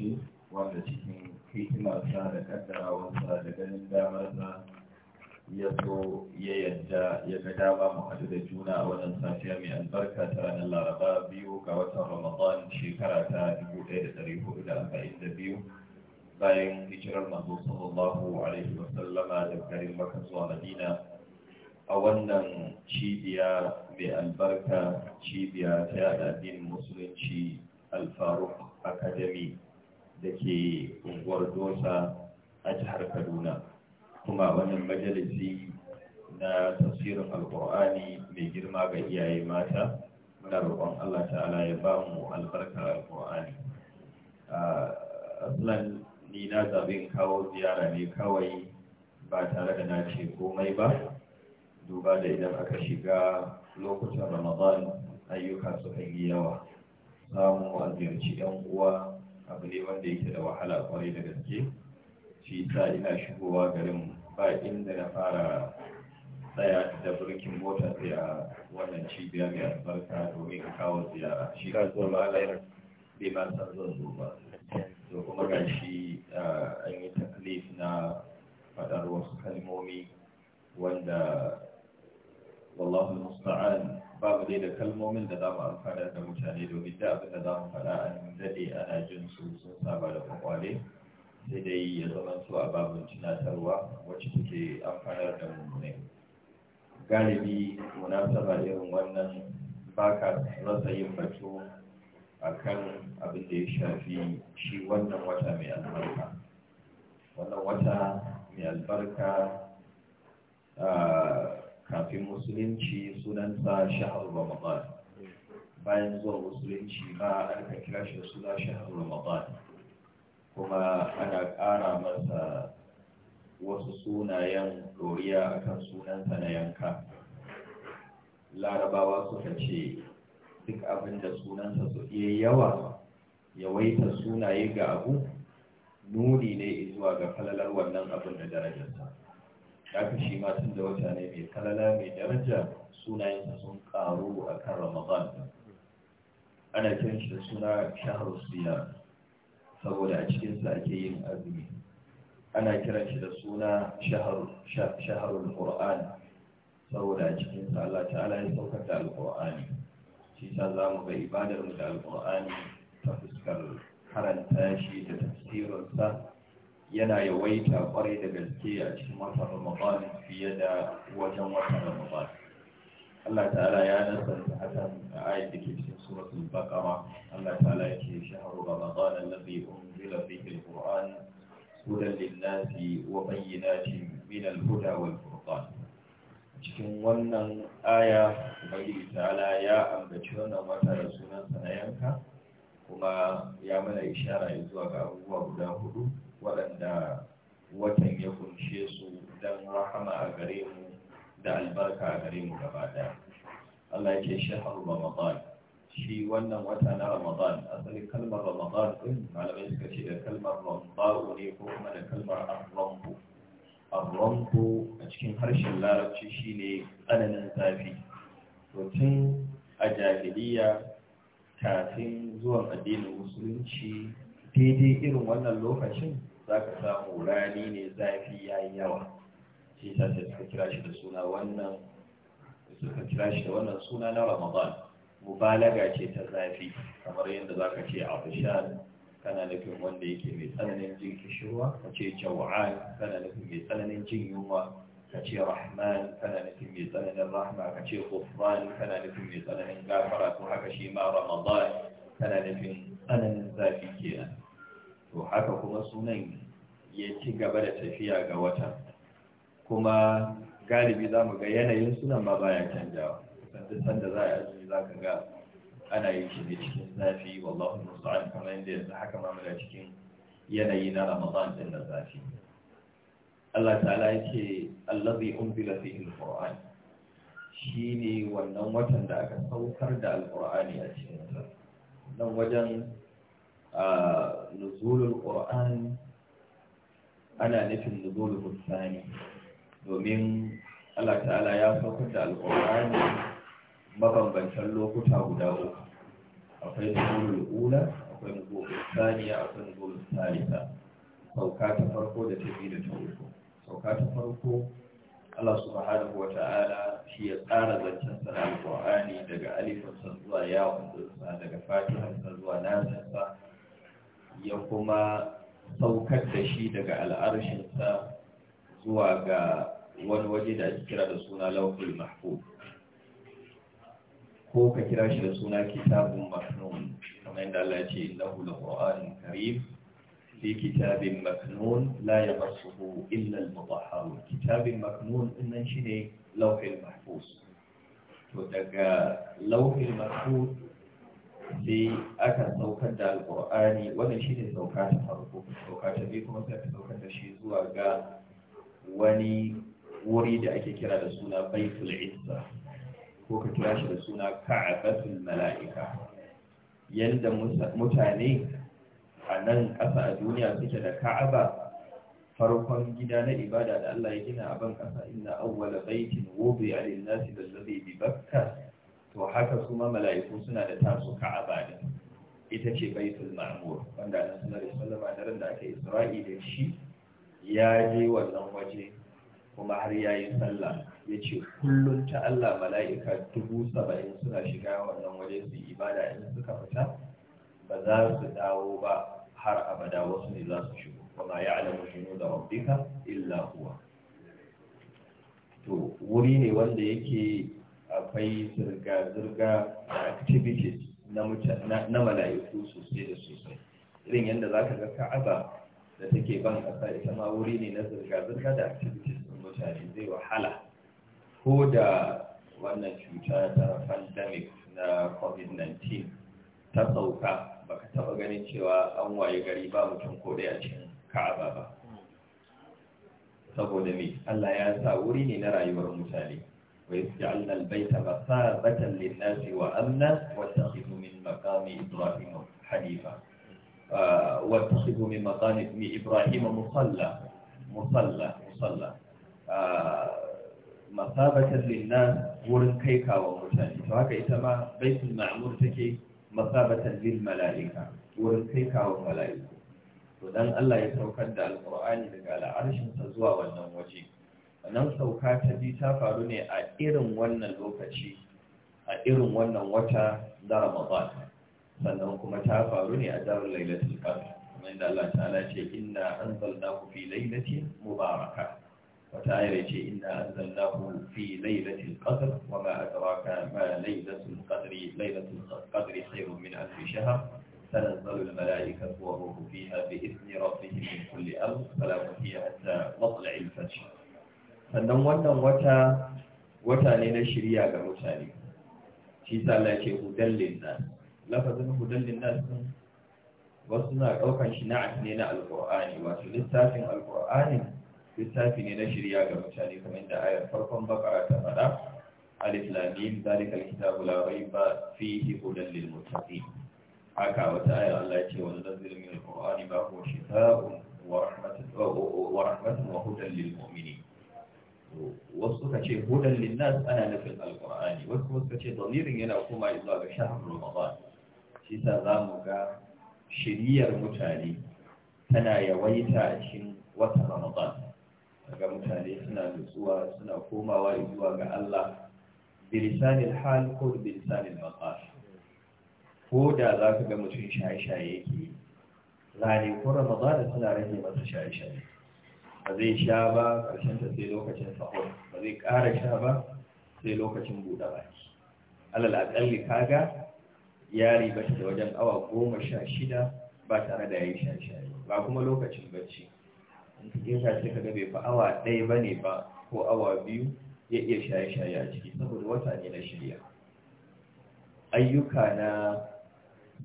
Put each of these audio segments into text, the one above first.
ƙarshe wanda cikin hikimarsa da kaddarawarsa da ganin damarsa ya so ya yadda ya ga dama mu haɗu da juna a wannan safiya mai albarka ta ranar laraba biyu ga watan ramadan shekara ta 1442 bayan hijirar manzo sallallahu alaihi Sallama da garin maka zuwa madina a wannan cibiya mai albarka cibiya ta yada addinin musulunci alfaruk academy da ke unguwar dosa a jihar kaduna kuma wannan majalisi na tafsirin alkur'ani mai girma ga iyaye mata muna roƙon allah ta'ala ya ba mu albarkar alkur'ani aslan ni na zaɓin in kawo ziyara ne kawai ba tare da na ce komai ba duba da idan aka shiga lokutan ramadan ayyuka sukan yi yawa samu a 'yan uwa abu ne wanda yake da wahala kwarai da gaske shi sa ina shigowa garin ba inda na fara tsaya da birkin mota sai a wannan cibiya mai albarka domin kawo ziyara shi ka zo malar bai ma san zan zo ba to kuma ga shi an yi taklif na faɗar wasu kalmomi wanda wallahu musta'an babu dai da kalmomin da za mu amfana da mutane domin da abin da za mu faɗa an daɗe ana jin su sun saba da kwakwale sai dai ya zama su a babu tunatarwa wacce take amfanar da mu galibi galibi munasaba irin wannan baka rasa yin batu a kan abin da ya shafi shi wannan wata mai albarka wannan wata mai albarka ah, kafin musulunci sunansa shahar ramadan bayan zuwa musulunci a aka kira shi suna shahar ramadan kuma ana ƙara masa wasu sunayen doriya akan sunansa na yanka larabawa suka ce duk abin da sunansa su iya yawa yawaita sunaye ga abu nuni ne zuwa ga falalar wannan abin da darajarsa haka shi ma tun da wata ne mai kalala mai daraja sunayensa sun karu a kan ramadan ana kiran shi da suna shaharu siya saboda a cikinsa ake yin azumi ana kiran shi da suna al qur'an saboda a cikinsa Allah ta'ala ya saukar da alqur'ani shi sa za mu ga ibadar mu da alqur'ani ta fuskar karanta shi da tafsirinsa yana yawaita kwarai da gaske a cikin watan ramadan fiye da wajen watan ramadan Allah ta'ala ya nasanta hakan a ayat da ke cikin suratul baqara Allah ta'ala ya ce shahru ramadan alladhi unzila fihi alquran hudan lin-nasi wa bayyinatin min al-huda wal furqan cikin wannan aya Ubangiji ta'ala ya ambaci wannan wata da sunan sa na yanka kuma ya mana ishara zuwa ga abubuwa guda hudu waɗanda watan ya kunshe su don rahama a gare mu da albarka a gare mu gaba ɗaya Allah ce shahar Ramadan shi wannan wata na Ramadan asali kalmar Ramadan ɗin malamai suka ce da kalmar Ramadan ne ko kuma da kalmar Ar-Rambu Ar-Rambu a cikin harshen Larabci shine tsananin zafi to tun a jahiliya kafin zuwan addinin musulunci daidai irin wannan lokacin za ka samu rani ne zafi ya yi yawa shi ta sai suka kira shi da suna wannan suka kira shi da wannan suna na ramadan mubalaga ce ta zafi kamar yadda za ka ce bishan. kana nufin wanda yake mai tsananin jin kishirwa ka ce jawa'an kana nufin mai tsananin jin yunwa ka ce rahman kana nufin mai tsananin rahma ka ce kufran kana nufin mai tsananin gafara to haka shi ma ramadan kana nufin tsananin zafi kenan to haka kuma sunan ya ci gaba da tafiya ga wata kuma galibi za mu ga yanayin sunan ma baya canjawa duk sanda za a azumi za ka ga ana yin shi ne cikin zafi wallahu musta'an kamar yadda yanzu haka ma muna cikin yanayi na ramadan din na zafi Allah ta'ala yake allazi unzila fihi alquran shine wannan watan da aka saukar da alqur'ani a cikin sa Dan wajen ah, nuzulul qur'an ana nufin nuzulu musani domin Allah ta'ala ya saukar da alqur'ani mabambantan lokuta guda uku akwai nuzulul ula akwai nuzulul saniya akwai nuzulul salisa sauka ta farko da ta biyu da ta uku sauka ta farko Allah subhanahu wa ta'ala shi ya tsara zancen na alqur'ani daga alifinsa zuwa ya dinsa daga fatihansa zuwa nasinsa ya kuma saukar da shi daga al'arshinsa zuwa ga wani waje da ake kira da suna lauhul mahfuz ko ka kira shi da suna kitabun maknun kamar yadda Allah ya ce innahu laqur'anun karim fi kitabin maknun la yamassuhu illa illal mutahharun kitabin maknun innan ne lauhul mahfuz to daga lauhul mahfuz sai aka saukar da alƙur'ani wannan shi ne sauka ta farko sauka ta biyu kuma sai aka saukar da shi zuwa ga wani wuri da ake kira da suna baitul izza ko ka kira shi da suna ka'abatul mala'ika yadda mutane a nan ƙasa a duniya suke da ka'aba farkon gida na ibada da Allah ya gina a ban ƙasa inna awwala baitin wubi a lillahi da bi bakka to haka su ma mala'iku suna da tasu ka'aba din ita ce baitul ma'mur wanda annabi sallallahu alaihi wasallam daren da aka yi isra'i da shi ya je wannan waje kuma har ya sallah ya ce kullum ta Allah mala'ika dubu saba'in suna shiga wannan waje su yi ibada in suka fita ba za su dawo ba har abada wasu ne za su shigo kuma ya alamu shinu da rabbika illa huwa to wuri ne wanda yake akwai zirga-zirga activities na mala'iku sosai da sosai irin yadda za ka ga aza da take ban ƙasa ita ma wuri ne na zirga-zirga da activities ɗin mutane zai wahala ko da wannan cuta ta pandemic na covid-19 ta sauka ba ka taɓa ganin cewa an waye gari ba mutum ko ɗaya cikin ka'aba ba saboda mai Allah ya sa wuri ne na rayuwar mutane ويجعلنا البيت مثابة للناس وأمنا واتخذوا من مقام إبراهيم حنيفا آه واتخذوا من مقام إبراهيم مصلى مصلى مصلى آه مثابة للناس ورن كيكا ومتاني فهكا إتما بيت المعمور تكي مثابة للملائكة ورن كيكا وملائكة ودان الله يتوكد القرآن لقال عرش تزوى والنوم وجيك Nan sauka ta biyu ta faru ne a irin wannan lokaci a irin wannan wata da ramadan sannan kuma ta faru ne a daren lailatul qadr Kuma da Allah ta'ala ce inna anzalnahu fi lailatin mubaraka wata ayar ce inna anzalnahu fi lailatul qadr wa ma adraka ma lailatul qadri lailatul qadri khairun min alf shahr تنزل الملائكة والروح فيها بإذن ربهم من كل أمر فلا مطيع حتى مطلع الفجر sannan wannan wata wata ne na shirya ga mutane shi sa Allah ce hudan linnas lafazin hudan linnas din wasu na daukan shi na'at ne na alqur'ani wato littafin alqur'ani littafi ne na shirya ga mutane kamar da ayar farkon bakara ta faɗa alif lam mim zalika alkitabu la raiba fihi hudan lil muttaqin haka wata ayar Allah ce wa nazzil min alqur'ani ma huwa shifaa'un wa rahmatun wa hudan lil mu'minin wasu suka ce hudan linnas ana nufin alkur'ani wasu kuma suka ce damirin yana kuma zuwa ga shahar ramadan shi sa za mu ga shiriyar mutane tana yawaita a cikin watan ramadan daga mutane suna nutsuwa suna komawa zuwa ga allah bilisanil hal ko bilisanil maqal ko da za ka ga mutum shaye-shaye yake ko ramadan suna rage masa shaye-shaye ba zai sha ba ƙarshen ta sai lokacin sahur ba zai ƙara sha ba sai lokacin buɗe baki alal aƙalli kaga ya riba da wajen awa goma sha shida ba tare da ya yi shaye-shaye ba kuma lokacin bacci in ka sha sai ka ga bai fa awa ɗaya ba ne ba ko awa biyu ya iya shaye-shaye a ciki saboda wata ne na shirya ayyuka na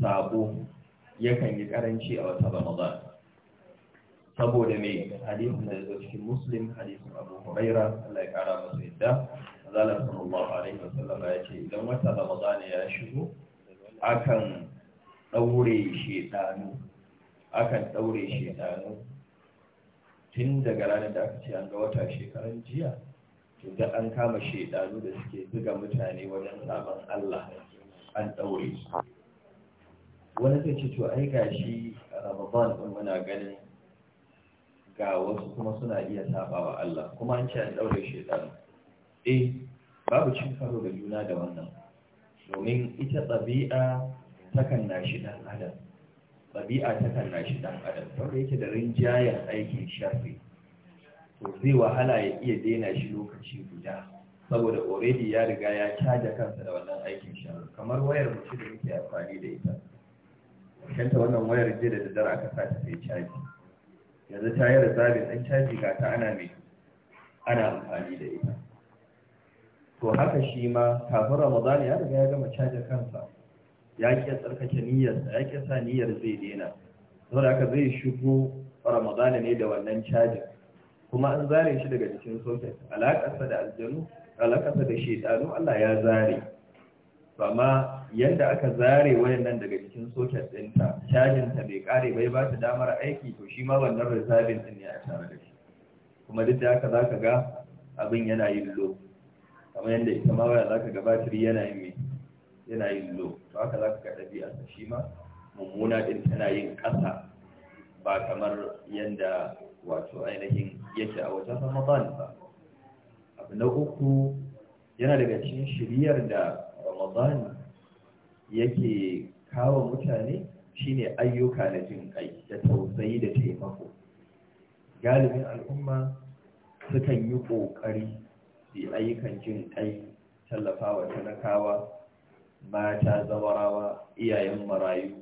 sabo yakan yi karanci a wata ramadan saboda mai hadisin da zo cikin muslim hadisin abu huraira Allah ya kara masa yadda azalar sallallahu alaihi wasallam ya ce idan wata ramadan ya shigo akan daure shedanu akan daure shedanu tun daga ranar da aka ce an ga wata shekaran jiya to da an kama shedanu da suke buga mutane wajen sabon Allah an daure su wani zai ce to ai gashi ramadan din muna ganin ga wasu kuma suna iya saba wa Allah kuma an ce an daure da eh babu cin karo da juna da wannan domin ita ɗabi'a takan na shi dan adam ɗabi'a takan na shi dan adam wanda yake da rinjayen aikin shafi to zai wahala ya iya daina shi lokaci guda saboda already ya riga ya caja kansa da wannan aikin shafi kamar wayar mutum da muke amfani da ita kanta wannan wayar jira da daddare aka sa ta sai caji yanzu ta yi rizabin ɗan caji ga ta ana mai ana amfani da ita to haka shi ma kafin ramadan ya riga ya gama caji kansa ya ke tsarkake niyyarsa ya ke sa niyyar zai dena saboda haka zai shigo ramadan ne da wannan cajin kuma an zare shi daga cikin soket alakarsa da aljanu alaƙarsa da shaidanu Allah ya zare ba ma yadda aka zare wayan daga cikin soket ɗinta cajinta bai ƙare bai ba ta damar aiki to shi ma wannan reserving ɗin ya a tare da shi kuma duk da haka za ka ga abin yana yin low kamar yadda ita ma waya za ka ga batiri yana yin me yana yin low to haka za ka ga ɗabi'arsa shi ma mummuna ɗin tana yin ƙasa ba kamar yadda wato ainihin yake a wajen ramadan ba abu na uku yana daga cikin shiryar da ramadan yake kawo mutane shine ayyuka na jin kai da tausayi da taimako galibin al'umma sukan yi ƙoƙari su ayyukan jin kai tallafawa talakawa mata zawarawa iyayen marayu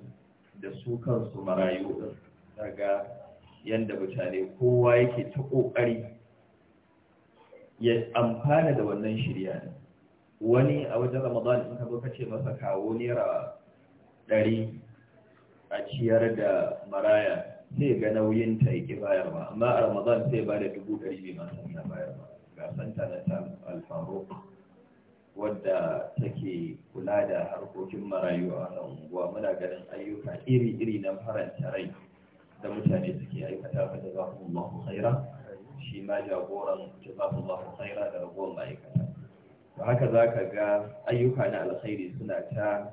da su kansu marayu daga yadda mutane kowa yake ta ƙoƙari ya amfana da wannan shirya ne wani a wajen ramadan in ka zo ka ce masa kawo naira ɗari a ciyar da maraya sai ga nauyin ta yake bayar ba amma a ramadan sai ba da dubu ɗari bai masu san bayar ba ga santa na ta alfaro wadda take kula da harkokin marayu a wannan unguwa muna ganin ayyuka iri-iri na faranta rai da mutane suke aikata ba da zafin Allah khaira shi ma jagoran jazakumullahu khaira da ragowar ma'aikata Da haka za ka ga ayyuka na alkhairi suna ta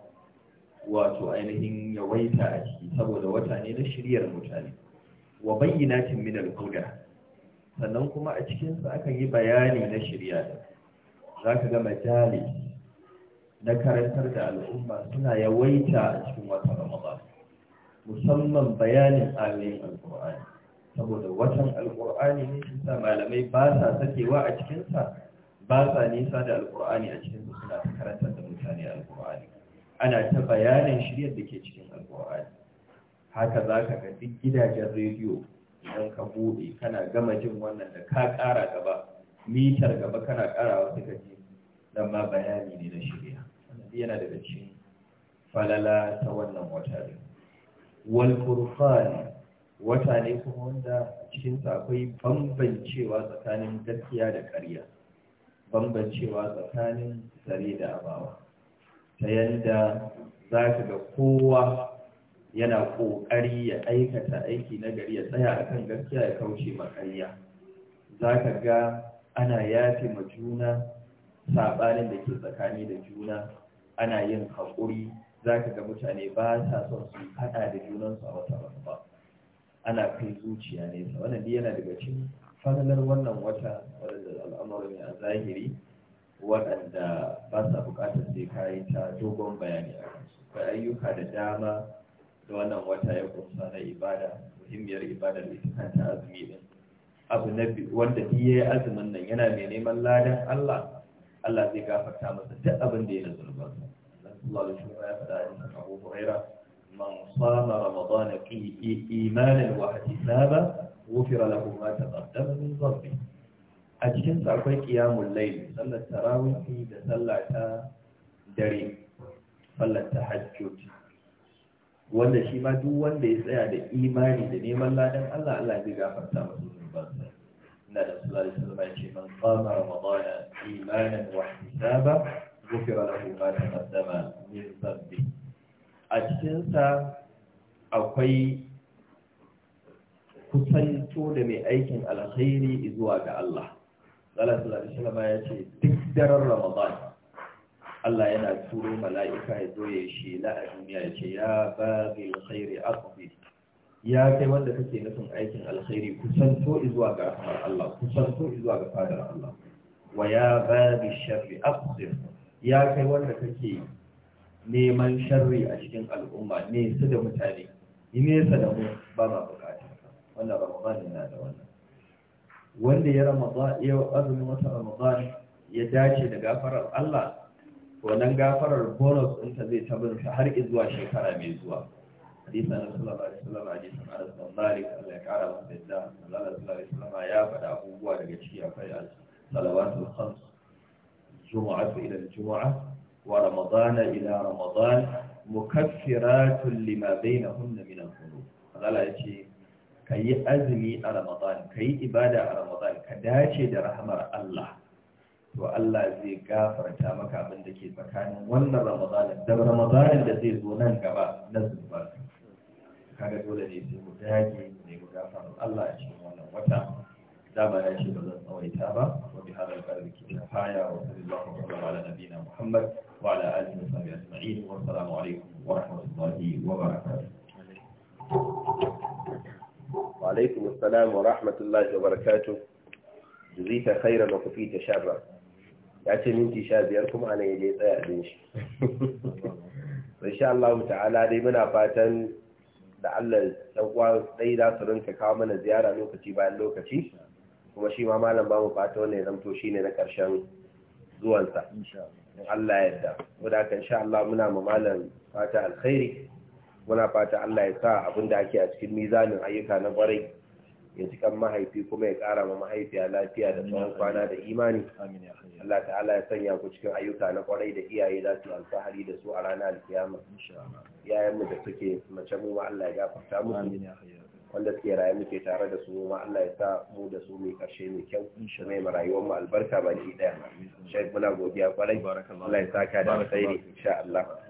wato ainihin yawaita a ciki saboda wata ne na shiryar mutane wa tin min al-huda sannan kuma a cikin sa akan yi bayani na shirya Za ka ga majali na karantar da al'umma suna yawaita a cikin watan Ramadan musamman bayanin ayoyin Al-Qur'ani saboda watan Al-Qur'ani ne shi sa malamai ba sa sakewa a cikin sa ba sa nisa da alkur'ani a cikin su suna da mutane alkur'ani ana ta bayanin shiryar da ke cikin alkur'ani haka za ka ga duk gidajen rediyo idan ka buɗe kana gama jin wannan da ka ƙara gaba mitar gaba kana ƙara wasu gaji, don ma bayani ne na shirya yana daga cikin falala ta wannan wata ne wal wata ne kuma wanda cikinsa akwai bambancewa tsakanin gaskiya da ƙarya bambancewa tsakanin zare da abawa ta yadda za ka ga kowa yana ƙoƙari ya aikata aiki na gari ya tsaya a kan gaskiya ya kauce makarya za ka ga ana yafe ma juna saɓanin da ke tsakani da juna ana yin haƙuri za ka ga mutane ba sa son su haɗa da junansu a wata ba ana kai zuciya nesa wannan yana daga cikin falalar wannan wata wadanda al'amura ne a zahiri waɗanda ba sa buƙatar sai kayi ta dogon bayani a akwai ayyuka da dama da wannan wata ya kunsa na ibada muhimmiyar ibadar ita ta azumi din abu na wanda duk yayi azumin nan yana mai neman ladan Allah Allah zai gafarta masa duk abin da yana zurban sa Allah da shugaba ya faɗa a Abu Huraira man sama ramadana fi imanan wa ihtisaba غفر له ما تقدم من ذنبه a cikin akwai qiyamul layl sallar tarawih da sallar ta dare sallar tahajjud wanda shi ma duk wanda ya tsaya da imani da neman ladan Allah Allah zai gafarta masa zunubansa inna da sallallahu alaihi zama ya ce man tsama ramadana imanan wa ihtisaba Gufi lahu ma taqaddama min dhanbi a cikinsa akwai kusanto da mai aikin alkhairi zuwa ga Allah Allah sallallahu alaihi ya ce duk daren Ramadan Allah yana turo mala'ika ya zo ya shela a duniya ya ce ya baghi alkhairi aqbi ya kai wanda kake nufin aikin alkhairi kusanto zuwa ga rahmar Allah kusanto zuwa ga fadar Allah wa ya baghi sharri aqbi ya kai wanda kake neman sharri a cikin al'umma ne su da mutane Ni nesa da mu ba ma ba wannan ramadan na da wannan wanda ya ramadan ya azumin wata ramadan ya dace da gafarar Allah wannan gafarar bonus ɗinta zai tabbata har zuwa shekara mai zuwa hadisa na sallallahu alaihi wasallam hadisin Anas bin Malik Allah ya kara masa yadda Allah sallallahu alaihi wasallam ya faɗa abubuwa daga ciki akwai salawatul khams Juma'a, ila Juma'a, wa ramadana ila ramadan mukaffiratun lima bainahunna min al-qulub Allah ya ce ka yi azumi a ramadan ka yi ibada a ramadan ka dace da rahamar Allah to Allah zai gafarta maka abin da ke tsakanin wannan ramadanin da ramadanin da zai zo nan gaba na zubar kaga dole ne sai mu dage ne mu gafarar Allah a cikin wannan wata Da ba ya ce ba zan tsawaita ba wa bi hadal qalbi kifaya wa sallallahu alaihi wa sallam ala nabiyina Muhammad wa ala alihi wa sahbihi ajma'in wa assalamu alaikum wa rahmatullahi wa barakatuh wa alaikum assalam wa rahmatullahi wa barakatuh juzita khairan wa ta sharra ya ce minti sha biyar kuma ana yaje tsaya a shi insha Allah ta'ala dai muna fatan da Allah tsawwa dai za su rinka kawo mana ziyara lokaci bayan lokaci kuma shi ma malam ba mu fata wannan ya zamto shine na karshen zuwansa in Allah ya yarda wadaka insha Allah muna ma malam fata alkhairi muna fata Allah ya sa abin da ake a cikin mizanin ayyuka na kwarai ya ci kan mahaifi kuma ya kara ma mahaifiya lafiya da tsawon kwana da imani Allah ta'ala ya sanya ku cikin ayyuka na kwarai da iyaye za su alfahari da su a ranar alkiyama iyayen mu da suke mace mu ma Allah ya gafarta musu wanda suke raye muke tare da su ma Allah ya sa mu da su mai karshe mai kyau mai rayuwar mu albarka baki daya shaikh muna godiya kwarai Allah ya saka da alkhairi insha Allah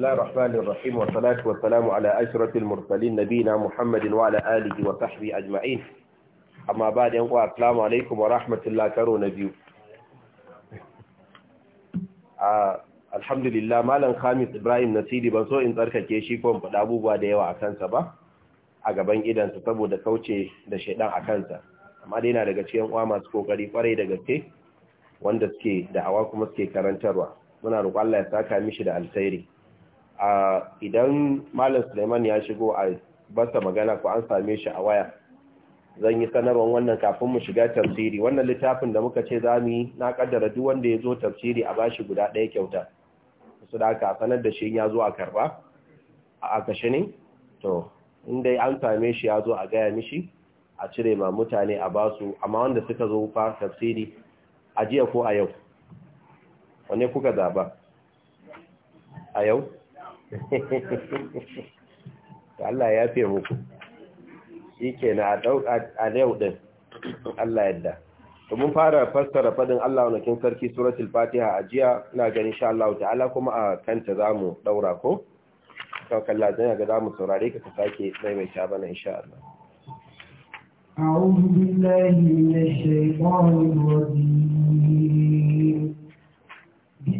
الله الرحمن الرحيم والصلاة والسلام على أشرة المرسلين نبينا محمد وعلى آله وصحبه أجمعين أما بعد ينقوى السلام عليكم ورحمة الله كرو نبيو الحمد لله مالا خامس إبراهيم نسيدي بنسو إن تركا كيشيكم فدابو بعد يوا أكانسا با أقبان إدان ستبو دا كوشي دا شيطان أكانسا أما دينا دا كتشي ينقوى ما سكو قريب وري دا كتشي wanda suke da'awa kuma suke karantarwa muna roƙon Allah ya saka mishi da alkhairi idan malam suleiman ya shigo a basa magana ko an same shi a waya zan yi sanarwar wannan kafin mu shiga tafsiri wannan littafin da muka ce za mu yi na kaddara duk wanda ya zo tafsiri a bashi guda ɗaya kyauta su da aka sanar da shi ya zo a karba a kashe ne to dai an same shi ya zo a gaya mishi a cire ma mutane a basu amma wanda suka zo fa tafsiri a jiya ko a yau Wani kuka zaba a yau Allah ya fi muku shi ke na a yau ɗin Allah yadda mun fara fassara faɗin Allah wani kin sarki suratul fatiha a jiya na gani sha Allah ala kuma a kanta za mu ɗaura ko sau kalla zai ga za mu saurare ka ka sake maimaita bana insha Allah أعوذ بالله من الشيطان الرجيم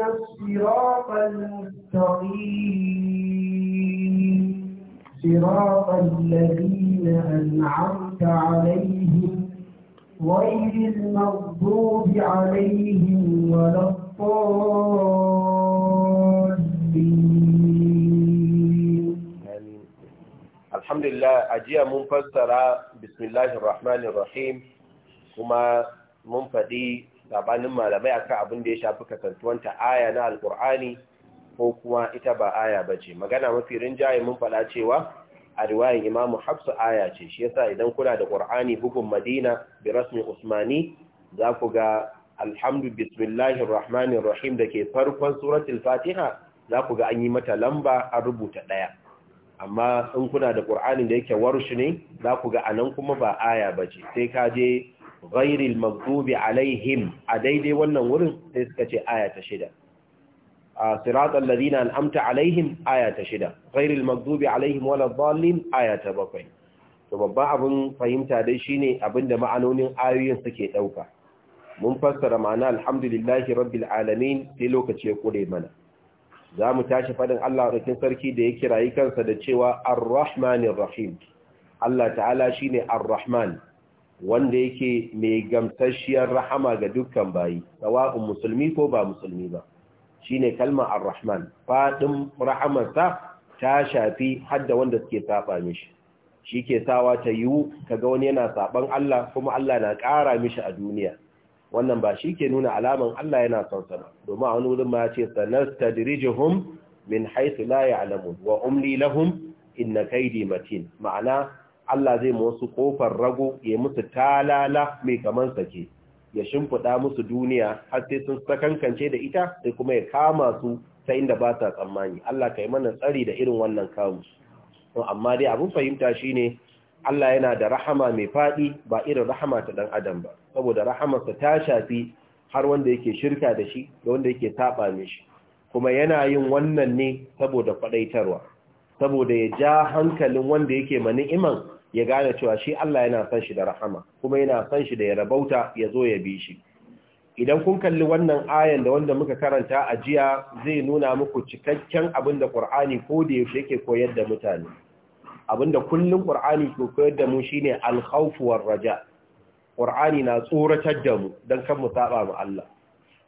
اهدنا الصراط المستقيم صراط الذين أنعمت عليهم غير المغضوب عليهم ولا الضالين الحمد لله اجي منفسرة بسم الله الرحمن الرحيم كما منفدي sabanin malamai akan abin da ya shafi kasantuwanta aya na alkur'ani ko kuma ita ba aya bace. magana mafi rinjaye mun faɗa cewa a riwayan imamu hafsu aya ce shi yasa idan kuna da ƙur'ani bugun madina bi rasmi usmani za ku ga alhamdu bismillahir rahmanir rahim da ke farkon suratul fatiha za ku ga an yi mata lamba an rubuta ɗaya amma in kuna da ƙur'anin da yake warshi ne za ku ga anan kuma ba aya bace. sai ka je ghairil maghdubi alaihim a daidai wannan wurin sai suka ce aya ta shida siratal ladina an'amta alaihim aya ta shida ghairil maghdubi alaihim waladdallin aya ta bakwai to babban abin fahimta dai shine abinda ma'anonin ayoyin suke ɗauka. mun fassara ma'ana alhamdulillahi rabbil alamin sai lokaci ya kure mana za mu tashi faɗin Allah rikin sarki da ya kirayi kansa da cewa ar-rahmanir rahim Allah ta'ala shine ar-rahman wanda yake mai gamsasshiyar rahama ga dukkan bayi sawa'un musulmi ko ba musulmi ba shine kalmar ar-rahman fadin rahamarsa ta shafi hadda wanda suke saba mishi shi ke sawa ta yiwu kaga wani yana saɓan Allah kuma Allah na ƙara mishi a duniya wannan ba shi ke nuna alaman Allah yana son sana domin a wani wurin ma ce sanastadrijuhum min haisu la ya'lamun wa umli lahum inna kaidi matin ma'ana Allah zai wasu kofar rago ya musu talala mai kaman sake ya shimfiɗa musu duniya har sai sun sakankance da ita sai kuma ya kama su ta inda ba sa tsammani Allah kai mana tsari da irin wannan kawu. Don amma dai abin fahimta shi ne, Allah yana da rahama mai faɗi ba irin rahama ta ɗan adam ba saboda rahamarsa ta shafi har wanda yake shirka da shi da wanda yake saba shi, kuma yana yin wannan ne saboda faɗaitarwa saboda ya ja hankalin wanda yake ni'iman ya gane cewa shi Allah yana san shi da rahama kuma yana san shi da ya rabauta ya zo ya bi shi idan kun kalli wannan ayan da wanda muka karanta a jiya zai nuna muku cikakken abin da Qur'ani ko da yaushe yake koyar da mutane abinda kullum Qur'ani ke koyar da mu shine al-khawf war-raja Qur'ani na tsoratar da mu dan kan mu saba mu Allah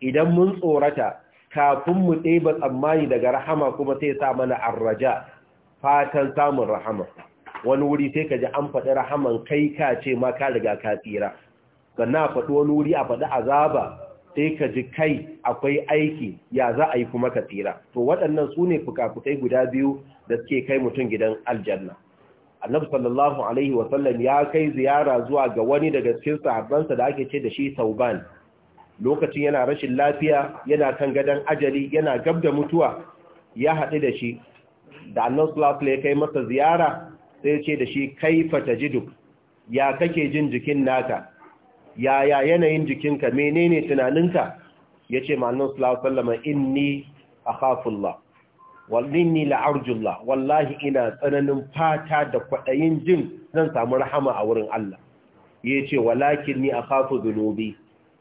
idan mun tsorata kafin mu ɗeba tsammani daga rahama kuma sai sa mana ar-raja fatan samun rahama wani wuri sai ka ji an faɗi rahaman kai ka ce ma ka riga ka tsira ga a faɗi wani wuri a faɗi azaba sai ka ji kai akwai aiki ya za a yi kuma ka tsira to waɗannan su ne fukafukai guda biyu da suke kai mutum gidan aljanna annabi sallallahu alaihi sallam ya kai ziyara zuwa ga wani daga cikin sahabbansa da ake ce da shi sauban lokacin yana rashin lafiya yana kan gadon ajali yana gab da mutuwa ya haɗu da shi da annan sulafula ya kai masa ziyara sai ce da shi kaifa ta ya kake jin jikin naka yaya yanayin jikinka menene tunaninka ya ce ma'annan sulafula inni a hafullah wallini la'arjullah wallahi ina tsananin fata da kwaɗayin jin zan samu rahama a wurin Allah ya ce walakin ni a kafa zunubi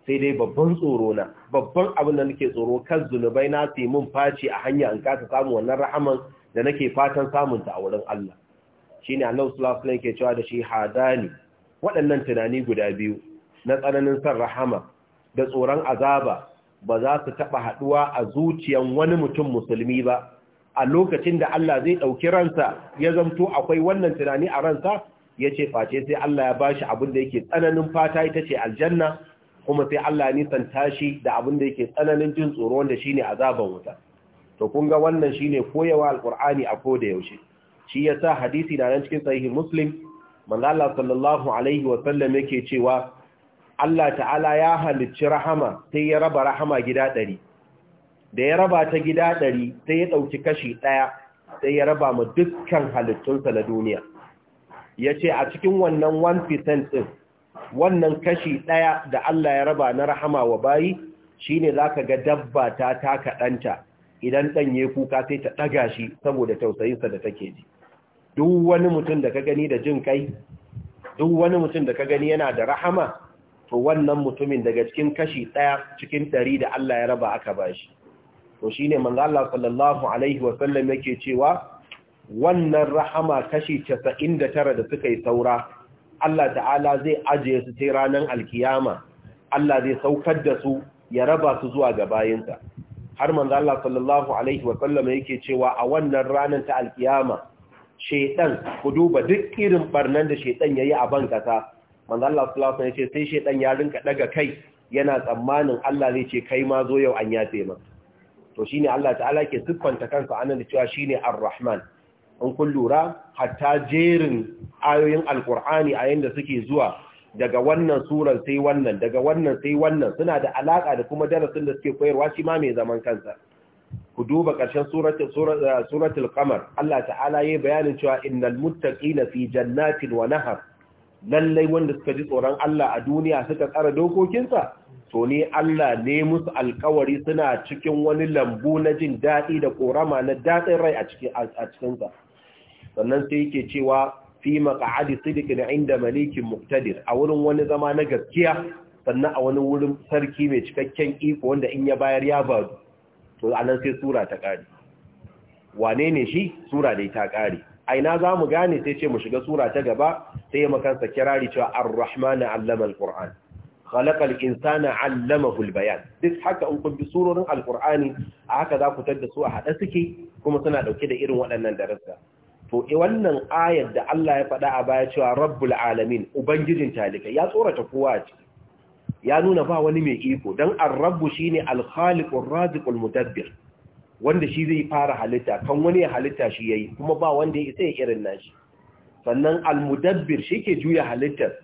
sai dai babban tsoro na babban abin da nake tsoro kan zunubai na suyi mun faci a hanya in kasa samu wannan rahaman da nake fatan samunta a wurin Allah shi ne Allah sallallahu alaihi ke cewa da shi hadani waɗannan tunani guda biyu na tsananin san rahama da tsoron azaba ba za su taɓa haɗuwa a zuciyan wani mutum musulmi ba a lokacin da Allah zai ɗauki ransa ya zamto akwai wannan tunani a ransa ya ce face sai Allah ya bashi abin da yake tsananin fata ita ce aljanna kuma sai Allah ya nisanta shi da abin da yake tsananin jin tsoro wanda shine azaban wuta to kun ga wannan shine koyawa Alƙur'ani a koda yaushe shi yasa hadisi da nan cikin sahihi muslim manzo Allah sallallahu alaihi wa yake cewa Allah ta'ala ya halicci rahama sai ya raba rahama gida ɗari. da ya raba ta gida ɗari sai ya ɗauki kashi ɗaya sai ya raba ma dukkan halittunsa na duniya ya ce a cikin wannan 1% ɗin wannan kashi ɗaya da Allah ya raba na rahama wa bayi shi ne za ka ga dabba ta taka ɗanta idan ɗan ya kuka sai ta ɗaga shi saboda tausayinsa da take ji duk wani mutum da ka gani da jin kai duk wani mutum da ka gani yana da rahama to wannan mutumin daga cikin kashi ɗaya cikin ɗari da Allah ya raba aka ba shi to shi ne manzo Allah sallallahu alaihi wasallam yake cewa wannan rahama kashi casa'in da tara da suka yi saura Allah ta'ala zai ajiye su sai ranar alkiyama Allah zai saukar da su ya raba su zuwa ga bayinsa har manzo Allah sallallahu alaihi wa sallam yake cewa a wannan ranar ta alkiyama shedan ku duba duk irin barnan da shedan yayi a ban kasa manzo Allah sallallahu alaihi yace sai shedan ya rinka daga kai yana tsammanin Allah zai ce kai ma zo yau an ce ma to shine Allah ta'ala ke siffanta kansa anan da cewa shine ar-rahman in kun lura hatta jerin ayoyin alqur'ani ayin da suke zuwa daga wannan surar sai wannan daga wannan sai wannan suna da alaka da kuma darasin da suke koyarwa shi ma mai zaman kansa ku duba ƙarshen eh, suratul qamar Allah ta'ala yayi bayanin cewa innal muttaqina fi jannatin wa nahar lallai wanda suka ji tsoron Allah a duniya suka tsara dokokinsa to ne Allah ne musu alƙawari suna cikin wani lambu na jin daɗi da korama na daɗin rai a cikin a cikin sa sannan sai yake cewa fi maq'adi sidiqin inda malikin muqtadir a wurin wani zama na gaskiya sannan a wani wurin sarki mai cikakken iko wanda in ya bayar ya badu to anan sai sura ta kare wane ne shi sura dai ta kare aina za mu gane sai ce mu shiga sura ta gaba sai ya makansa kirari cewa ar-rahmanu allama al-qur'an khalaqal insana allamahu al-bayan duk haka in kun bi surorin al-qur'ani a haka za ku tada su a hada suke kuma suna dauke da irin waɗannan darasa to eh, wannan ayar da Allah ya faɗa a baya cewa rabbul alamin ubangijin talikai ya tsorata kowa ce ya nuna ba wani mai iko don rabbu shi ne alkhaliƙun razikul mudabbir wanda shi zai fara halitta kan wani ya halitta shi ya yi kuma ba wanda ya isa ya irin nashi sannan almudabbir shi ke juya halittar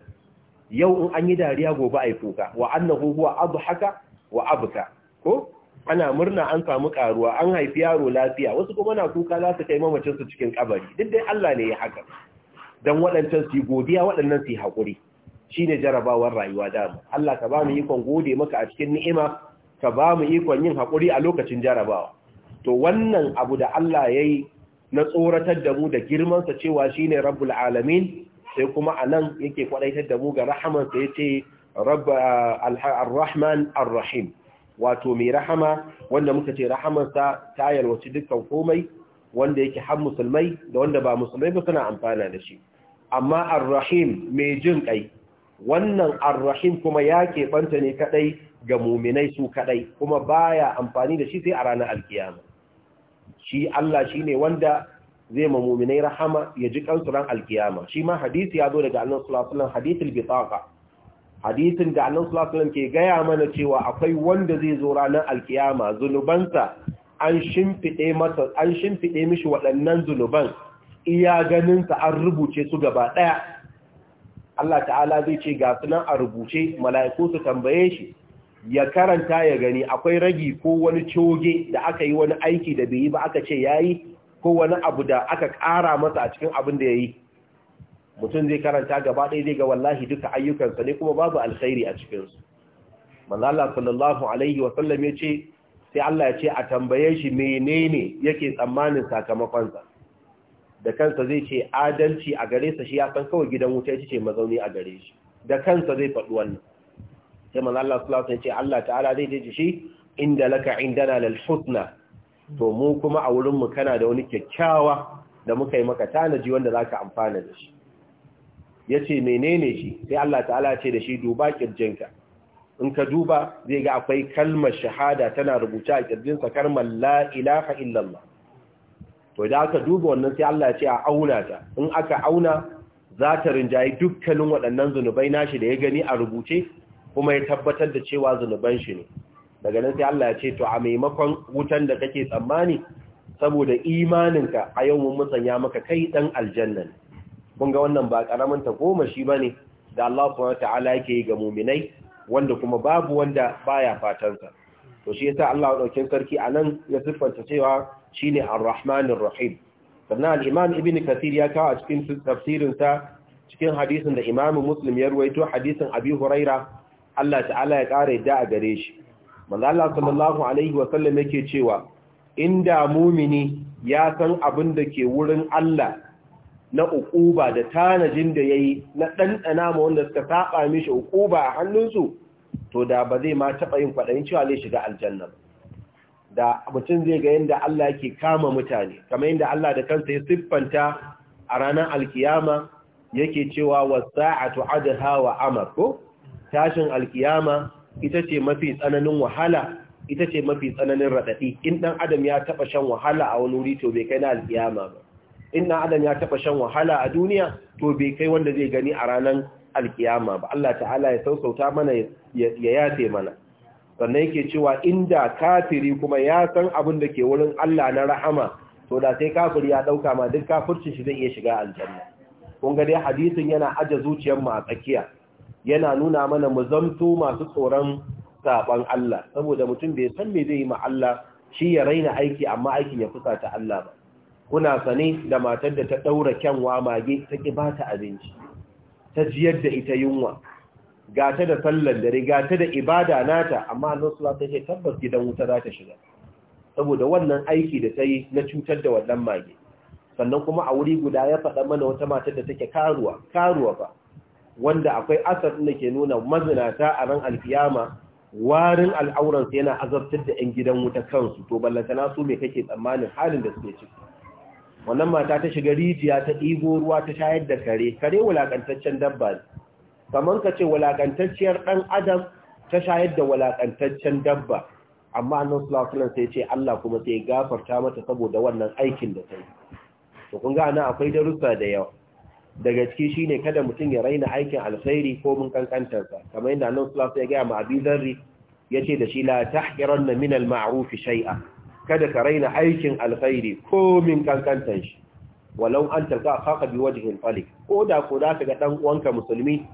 yau in an yi dariya gobe a yi kuka wa annahu huwa abu haka wa ka ko ana murna an samu karuwa an haifi yaro lafiya wasu kuma na kuka za su kai mamacin su cikin kabari duk dai Allah ne ya haka dan waɗancan su godiya waɗannan su hakuri shine jarabawar rayuwa dama Allah ka bamu mu ikon gode maka a cikin ni'ima ka bamu mu ikon yin hakuri a lokacin jarabawa to wannan abu da Allah yayi na tsoratar da mu da girmansa sa cewa shine rabbul alamin sai kuma a nan yake kwadaitar da mu ga rahaman sa yace rabb ar-rahman rahim wato mai rahama wanda muka ce rahamarsa ta yalwaci dukkan komai wanda yake har musulmai da wanda ba musulmai ba suna amfana da shi amma arrahim mai jin kai wannan arrahim kuma ya keɓanta ne kaɗai ga muminai su kaɗai, kuma baya amfani da shi sai a ranar alkiyama shi Allah shine wanda zai ma muminai rahama ya ji kansu ran alkiyama shi ma hadisi ya zo daga annan sallallahu hadisul wasallam hadisin da Allah sallallahu alaihi wasallam ke gaya mana cewa akwai wanda zai zo ranar alkiyama zunubansa an shimfide masa an shimfide mishi waɗannan zunuban iya ganin sa an rubuce su gaba daya Allah ta'ala zai ce ga sunan a rubuce mala'iku su tambaye shi ya karanta ya gani akwai ragi ko wani coge da aka yi wani aiki da bai yi ba aka ce yayi ko wani abu da aka ƙara masa a cikin abin da yayi mutum zai karanta gaba ɗaya zai ga wallahi duka ayyukansa ne kuma babu alkhairi a cikinsu manzo Allah sallallahu alaihi wa sallam ya ce sai Allah ya ce a tambaye shi menene yake tsammanin sakamakonsa. da kansa zai ce adalci a gare sa shi ya san kawai gidan wuta ce mazauni a gare shi da kansa zai faɗi wannan sai manzo Allah sallallahu alaihi ya ce Allah ta'ala zai ce shi inda laka indana lal husna to mu kuma a wurin mu kana da wani kyakkyawa da muka yi maka tanaji wanda zaka amfana da shi ya ce menene shi sai Allah ta'ala ce da shi duba kirjinka in ka duba zai ga akwai kalmar shahada tana rubuta a kirjinsa karmar Lailaha illallah to da aka duba wannan sai Allah ce a auna ta in aka auna za ta rinjayi dukkanin waɗannan zunubai nashi da ya gani a rubuce kuma ya tabbatar da cewa zunuban shi ne daga nan sai Allah ya ce to a maimakon wutan da kake tsammani saboda imaninka a yau mun musanya maka kai ɗan aljanna ne kun ga wannan ba karamin ta goma shi ne, da Allah subhanahu wataala yake yi ga mu'minai wanda kuma babu wanda baya fatan sa to shi yasa Allah daukin sarki nan ya siffanta cewa shine Ar-Rahmanir Rahim sannan al-Imam Ibn Kathir ya kawo a cikin tafsirinsa sa cikin hadisin da Imam Muslim ya ruwaito hadisin Abi Huraira Allah ta'ala ya kare da a gare shi manzo Allah sallallahu alaihi wa sallam yake cewa inda mumini ya san abin da ke wurin Allah na ukuba da tanajin da ya yi na ɗanɗana ma wanda suka saɓa mishi ukuba a hannunsu to da ba zai ma taɓa yin kwaɗayin cewa zai shiga aljanna da mutum zai ga yadda Allah yake kama mutane kamar yadda Allah da kansa ya siffanta a ranar alkiyama yake cewa wasa'atu adha wa amar tashin alkiyama ita ce mafi tsananin wahala ita ce mafi tsananin radadi. in ɗan adam ya taɓa shan wahala a wani wuri to bai kai na alkiyama ba inna adam ya taba shan wahala a duniya to bai kai wanda zai gani a ranar alkiyama ba Allah ta'ala ya sausauta mana ya yafe mana sannan yake cewa inda kafiri kuma ya san abin da ke wurin Allah na rahama to da sai kafiri ya dauka ma duk kafircin shi zai iya shiga aljanna kun ga dai hadisin yana aje zuciyar mu a tsakiya yana nuna mana mu zamto masu tsoron saban Allah saboda mutum bai san me zai yi ma Allah shi ya raina aiki amma aikin ya fusata Allah ba kuna sani da matar da ta ɗaura kyanwa mage ta ƙi ba ta abinci ta jiyar da ita yunwa ga ta da sallar dare ga ta da ibada nata amma annan ta ce tabbas gidan wuta za ta shiga saboda wannan aiki da ta yi na cutar da wannan mage sannan kuma a wuri guda ya faɗa mana wata matar da take karuwa karuwa ba wanda akwai asar da ke nuna mazinata a ran alfiyama warin al'auransu yana azabtar da 'yan gidan wuta kansu to ballantana su me kake tsammanin halin da suke ciki wannan mata ta shiga rijiya ta ɗigo ruwa ta shayar da kare kare wulaƙantaccen dabba ne kamar ka ce wulaƙantacciyar ɗan adam ta shayar da wulaƙantaccen dabba amma annan sulasulan sai ce Allah kuma sai gafarta mata saboda wannan aikin da ta yi to kun ga akwai darussa da yawa daga ciki shine kada mutum ya raina aikin alfairi ko mun kankantarsa kamar yadda annan sulasulan ya gaya ma abin zarri ya ce da shi la tahqiranna na minal ma'arufi shai'a. kada ka raina aikin alkhairi ko min kankantan shi walau an talqa khaka bi wajhin falik ko da ko da ka ga dan uwanka musulmi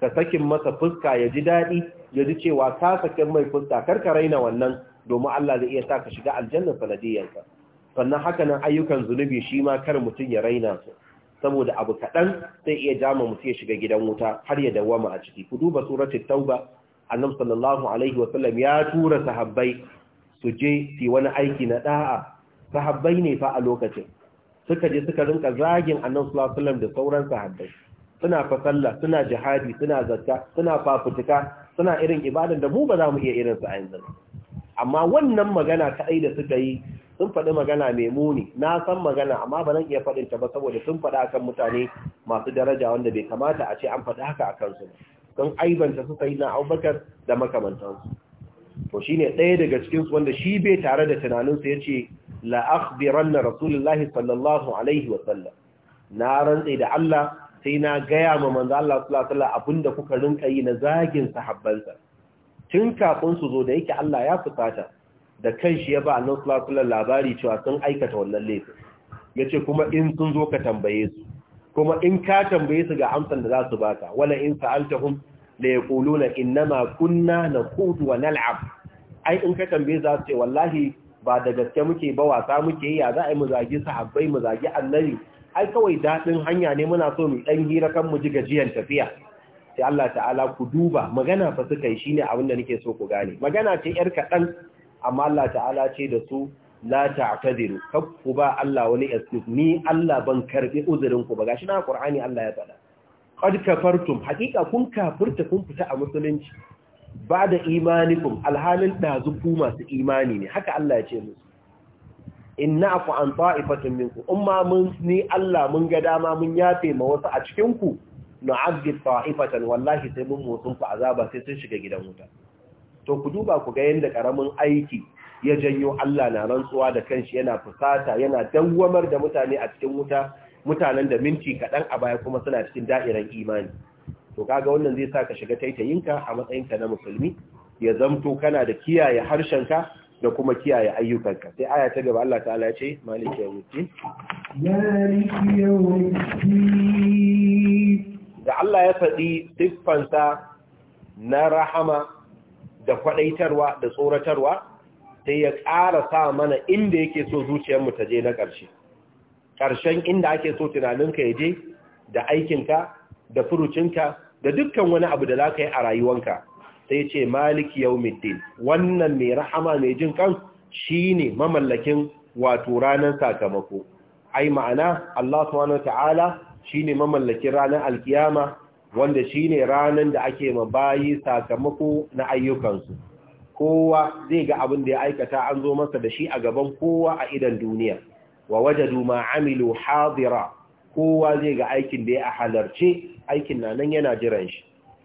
ka sakin masa fuska ya ji dadi ya ji cewa ka sakin mai fuska kar ka raina wannan domin Allah zai iya sa ka shiga aljanna sanadiyanka sannan haka nan ayyukan zunubi shi ma kar mutum ya raina su saboda abu kaɗan zai iya jama mutum ya shiga gidan wuta har ya dawama a ciki ku duba suratul tauba annabi sallallahu alaihi wa sallam ya tura sahabbai su je su wani aiki na da'a sahabbai ne fa a lokacin suka je suka rinka zagin annabi sallallahu alaihi da sauran sahabbai suna fa suna jihadi suna zakka suna fafutuka suna irin ibadan da mu ba za mu iya irin su a yanzu amma wannan magana kaɗai da suka yi sun faɗi magana mai muni na san magana amma ba zan iya faɗin ta ba saboda sun faɗa akan mutane masu daraja wanda bai kamata a ce an faɗi haka akan su sun aibanta su sai na Abubakar da makamantansu to shine ɗaya daga cikin su wanda shi bai tare da tunanin sa yace la akhbiranna rasulullahi sallallahu alaihi wa sallam na rantse da Allah sai na gaya ma manzo Allah sallallahu alaihi sallam abinda kuka rinka yi na zagin sa tun kafin su zo da yake Allah ya fusata da kanshi ya ba Allah sallallahu alaihi labari cewa sun aikata wannan laifin yace kuma in sun zo ka tambaye su kuma in ka tambaye su ga amsan da za su baka wala in sa'altahum da ya kulu na innama kunna na kutu wa nal'ab ai in ka tambaye za su ce wallahi ba da gaske muke ba wasa muke yi a za a yi mu zagi sahabbai mu zagi annabi ai kawai daɗin hanya ne muna so mu ɗan hira kan mu ji gajiyar tafiya sai Allah ta'ala ku duba magana fa suka yi shine abin da nake so ku gane magana ce yar kaɗan amma Allah ta'ala ce da su la ta'tadiru kab ku ba Allah wani excuse ni Allah ban karbi uzurin ku ba gashi na Qur'ani Allah ya faɗa qad kafartum haqiqa kun kafirta kun fita a musulunci ba da imanikum alhalin dazu ku masu imani ne haka Allah ya ce musu inna afu an ta'ifatin minku umma mun ni Allah mun ga dama mun yafe ma wasu a cikin ku nu'azzib ta'ifatan wallahi sai mun motsin ku azaba sai sun shiga gidan wuta to ku duba ku ga yanda karamin aiki ya janyo Allah na rantsuwa da kanshi yana fusata yana dawwamar da mutane a cikin wuta mutanen da minti kaɗan a baya kuma suna cikin da'irar imani to kaga wannan zai sa ka shiga taitayinka a matsayinka na musulmi ya zamto kana da kiyaye harshenka da kuma kiyaye ayyukanka sai aya ta gaba Allah ta'ala ya ce maliki ya maliki da Allah ya faɗi siffansa na rahama da kwadaitarwa da tsoratarwa sai ya ƙara sa mana inda yake so zuciyarmu ta je na ƙarshe ƙarshen inda ake so tunaninka ya je da aikinka da furucinka da dukkan wani abu da za ka yi a rayuwanka sai ce maliki yau middin wannan mai rahama mai jin kan shi ne mamallakin wato ranar sakamako ai ma'ana Allah subhanahu ta'ala shi ne mamallakin ranar alkiyama wanda shi ne ranar da ake ma bayi sakamako na ayyukansu kowa zai ga abin da ya aikata an zo masa da shi a gaban kowa a idan duniya wa wajadu ma amilu hadira kowa zai ga aikin da ya a halarci? aikin na nan yana jiran shi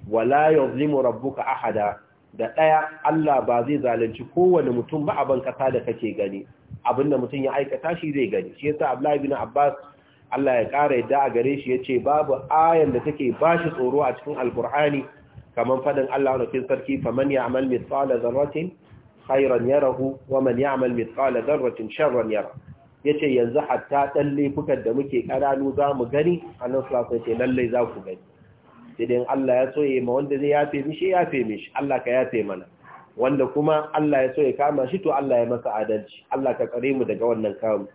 wala yuzlimu rabbuka ahada da daya Allah ba zai zalunci kowanne mutum ba aban kasa da kake gani abinda mutum ya aikata shi zai gani shi yasa Abdullah ibn Abbas Allah ya kara yadda a gare shi yace babu ayan da take bashi tsoro a cikin alqur'ani kaman fadin Allah na kin sarki faman ya'mal mithqala dharratin khayran yarahu wa man ya'mal mithqala dharratin sharran yarahu ya ce yanzu hatta ɗan laifukan da muke ƙananu za mu gani nan sulasa ce lallai za ku gani sai dai Allah ya so ya ma wanda zai yafe mishi ya yafe mishi Allah ka yafe mana wanda kuma Allah ya so ya kama shi to Allah ya masa adalci Allah ka tsare mu daga wannan kamu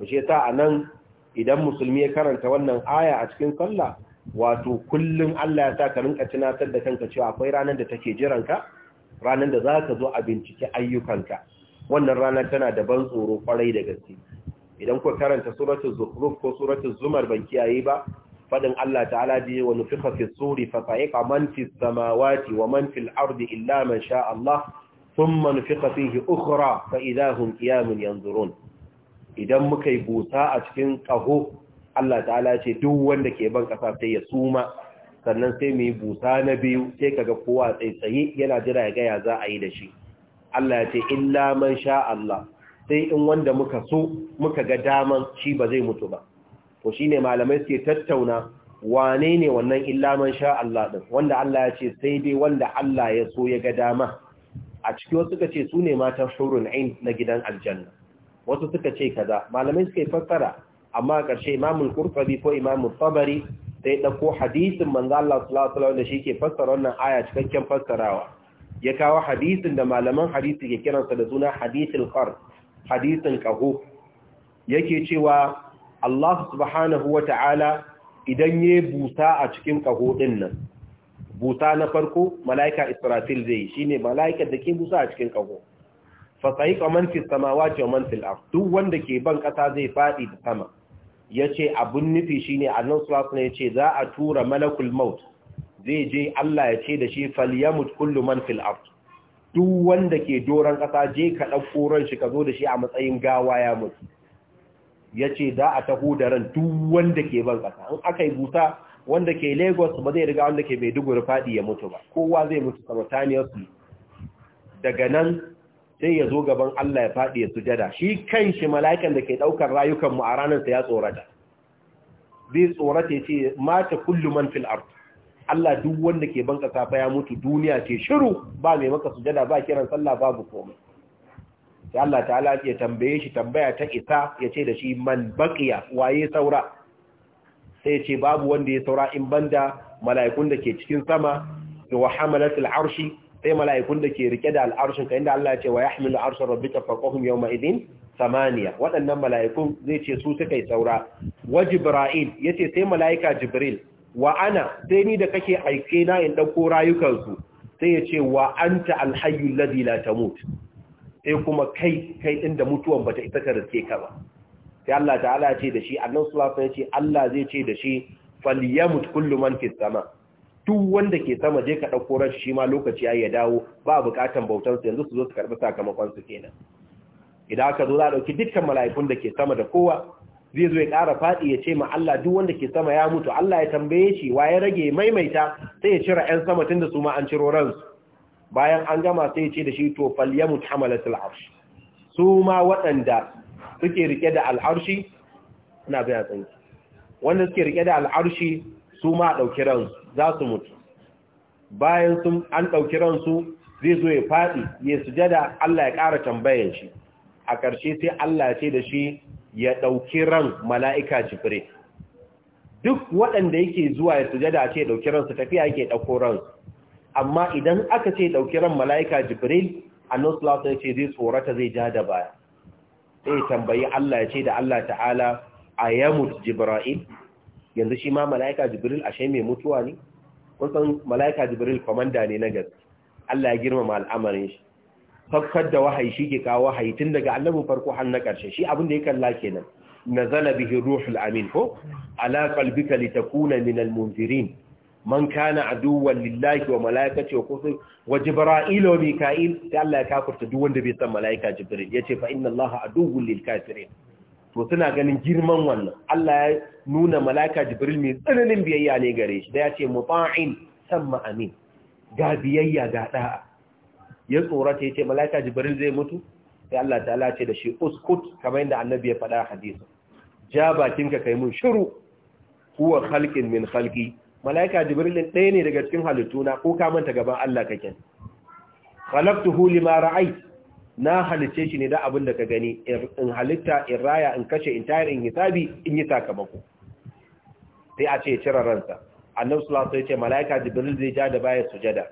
mu shi a nan idan musulmi ya karanta wannan aya a cikin sallah wato kullum Allah ya sa ka rinka tunatar da kanka cewa akwai ranar da take jiran ka ranar da za ka zo a bincike ayyukanka wannan ranar tana da ban tsoro kwarai da gaske idan ku karanta suratul zukhruf ko suratul zumar ban kiyaye ba fadin Allah ta'ala da wa nufikha fi suri fa sa'iqa man fi samawati wa man fil ardi illa man sha Allah thumma nufikha fihi ukhra fa idahum qiyamun yanzurun idan muka yi busa a cikin kaho Allah ta'ala ce duk wanda ke ban kasa sai ya suma sannan sai mu yi busa na biyu sai kaga kowa tsaitsaye yana jira ya ga ya za a yi da shi Allah ya ce illa man sha Allah sai in wanda muka so muka ga daman shi ba zai mutu ba to shine malamai suke tattauna wane ne wannan man sha Allah din wanda Allah ya ce sai dai wanda Allah ya so ya ga dama a cikin wasu suka ce su ne matan shurun ain na gidan aljanna wasu suka ce kaza malamai suka yi fassara amma ƙarshe al qurtubi ko imamin tabari sai da ko hadisin manzo Allah sallallahu alaihi wasallam da shi ke fassara wannan aya cikakken fassarawa ya kawo hadisin da malaman hadisi ke kiransa da suna hadisul qard hadisin ƙaho yake cewa Allah subhanahu wa ta'ala idan ya busa a cikin ƙaho ɗin nan busa na farko mala'ika israfil zai shi ne mala'ika da ke busa a cikin kaho fasahi ƙaman fi samawa ce man fi duk wanda ke ban ƙasa zai faɗi da sama ya ce abin nufi shi ne annan sulasu ne ya ce za a tura malakul maut zai je Allah ya ce da shi falyamut kullu man fil duk wanda ke doron ƙasa je ka ɗauko ran shi ka zo da shi a matsayin gawa ya mutu ya ce za a taho da ran duk wanda ke ban ƙasa in aka yi busa wanda ke lagos ba zai riga wanda ke maiduguri faɗi ya mutu ba kowa zai mutu simultaneously daga nan sai ya zo gaban allah ya faɗi ya sujada shi kan shi mala'ikan da ke ɗaukar rayukanmu a ranar sa ya tsorata zai tsorata ya ce mata kullu man fil Allah duk wanda ke banka safa ya mutu duniya ce shiru ba mai maka sujada ba kiran sallah babu komai sai Allah ta'ala ya tambaye shi tambaya ta isa ya ce da shi man baqiya waye saura sai ya ce babu wanda ya saura in banda mala'ikun da ke cikin sama da wa hamalatul arshi sai mala'ikun da ke rike da al'arshin ka inda Allah ya ce wa yahmilu arsha rabbika faqahum yawma idin samaniya waɗannan mala'ikun zai ce su suka yi saura wa jibril yace sai mala'ika jibril wa ana sai ni da kake aike na in ɗauko rayukansu sai ya ce wa anta alhayyul ladhi la tamut sai kuma kai kai inda mutuwan bata isa ka riske ka ba sai Allah ta'ala ce da shi annabi sallallahu alaihi ce Allah zai ce da shi falyamut kullu man fis sama duk wanda ke sama je ka dauko ran shi ma lokaci yayi ya dawo ba bukatan bautar su yanzu su zo su karbi sakamakon su kenan idan aka zo za a dauki dukkan mala'ikun da ke sama da kowa zai zo ya ƙara faɗi ya ce ma Allah duk wanda ke sama ya mutu Allah ya tambaye shi wa ya rage maimaita sai ya cira ƴan sama tun da su ma an ciro ransu bayan an gama sai ya ce da shi to fal ya mutu hamalatul arsh su ma waɗanda suke rike da al'arshi na bayan tsanki wanda suke rike da al'arshi su ma ɗauki ransu za su mutu bayan sun an ɗauki ransu zai zo ya faɗi ya sujada Allah ya ƙara tambayan shi a ƙarshe sai Allah ya ce da shi ya ɗauki ran mala'ika jibril duk waɗanda yake zuwa ya sujada a ce ɗauki ransu tafiya yake ɗauko ransu amma idan aka ce ɗauki ran mala'ika jibril annan sulasa ya ce zai tsorata zai ja da baya sai tambayi Allah ya ce da Allah ta'ala a yamut jibra'il yanzu shi ma mala'ika jibril ashe mai mutuwa ne kun san mala'ika jibril kwamanda ne na gaske Allah ya girmama al'amarin shi fakkar da wahayi shi ke kawo wahayi tun daga annabin farko har na ƙarshe shi abin da ya kalla kenan nazala bihi ruhul amin ko ala qalbika litakuna min almunzirin man kana aduwwan lillahi wa malaikati wa kutu wa jibril wa mika'il sai Allah ya kafirta duk wanda bai san malaika jibril yace fa inna allaha aduwwun lil kafirin to suna ganin girman wannan Allah ya nuna malaika jibril mai tsananin biyayya ne gare shi da yace muta'in samma amin ga biyayya ga da'a ya tsorata ya ce mala'ika jibril zai mutu sai Allah ta'ala ce da shi uskut kamar yadda annabi ya faɗa hadisi ja bakinka kai mun shiru huwa khalqin min khalqi mala'ika jibril ɗaya ne daga cikin na ko ka manta gaban Allah kake khalaqtuhu lima ra'ai na halice shi ne da abin da ka gani in halitta in raya in kashe in tayar in hisabi in yi sakamako sai a ce cire ransa annabi sallallahu alaihi wasallam ya ce mala'ika jibril zai ja da baya sujada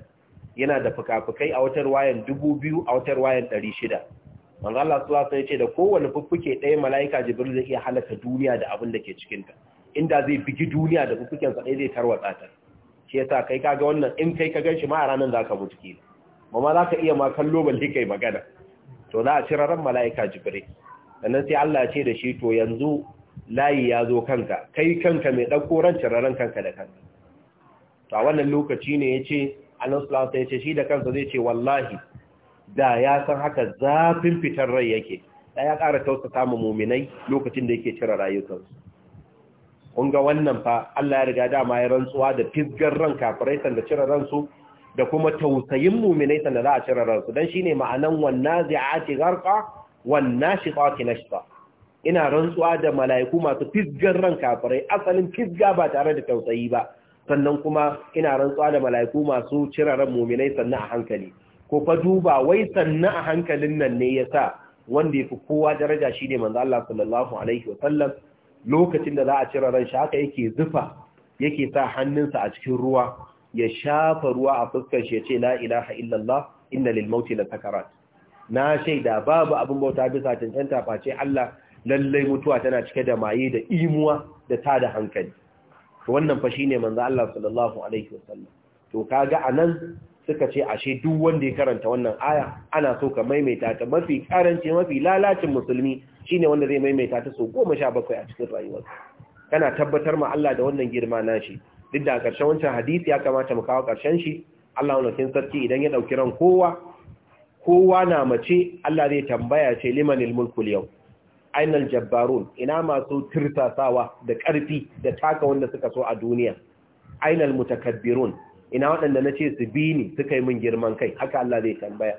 yana da fukafukai a wutar wayan dubu biyu a wutar wayan ɗari shida manzo Allah sallallahu ya ce da kowane fuffuke ɗaya mala'ika jibril zai iya halaka duniya da abin da ke cikin ta inda zai bigi duniya da fuffuken sa ɗaya zai tarwatsa ta shi yasa kai ka ga wannan in kai ka ganshi ma a ranar zaka mutu kila za zaka iya ma kallo balle kai magana to za a ci ran mala'ika jibril sannan sai Allah ya ce da shi to yanzu layi ya zo kanka kai kanka mai ɗauko ran ciraren kanka da kanka to a wannan lokaci ne ya ce Allah yace shi da kansa zai ce wallahi da ya san haka zafin fitar rai yake da ya ƙara tausasa mu muminai lokacin da yake cire rayukansu kun ga wannan fa Allah ya riga dama ya rantsuwa da fisgar ran kafirai sanda cire ransu da kuma tausayin muminai sanda za a cire ransu dan shine ma'anan wannazi'ati gharqa nashiqati nashqa ina rantsuwa da mala'iku masu fisgar ran kafirai asalin fisga ba tare da tausayi ba sannan kuma ina rantsuwa da mala'iku masu ciraran muminai sannan a hankali ko fa duba wai sannan a hankalin nan ne yasa wanda yafi kowa daraja shine manzo Allah sallallahu alaihi wa sallam lokacin da za a cire shi haka yake zufa yake sa hannunsa a cikin ruwa ya shafa ruwa a fuskar shi ya ce la ilaha illallah inna lil mauti la na shaida babu abin bauta bisa ta face Allah lallai mutuwa tana cike da maye da imuwa da ta da hankali wannan fa shine manzo Allah sallallahu alaihi wasallam to kaga anan suka ce ashe duk wanda ya karanta wannan aya ana so ka maimaita ta mafi karanci mafi lalacin musulmi shine wanda zai maimaita ta so 17 a cikin rayuwarsa kana tabbatar ma Allah da wannan girma nashi duk da karshen wancan hadisi ya kamata mu kawo karshen shi Allah wannan sarki idan ya dauki ran kowa kowa na mace Allah zai tambaya ce limanil mulkul yau ainal jabbarun ina masu tirsasawa da ƙarfi da taka wanda suka so a duniya ainal mutakabbirun ina waɗanda na ce su bini ni suka yi min girman kai haka Allah zai tambaya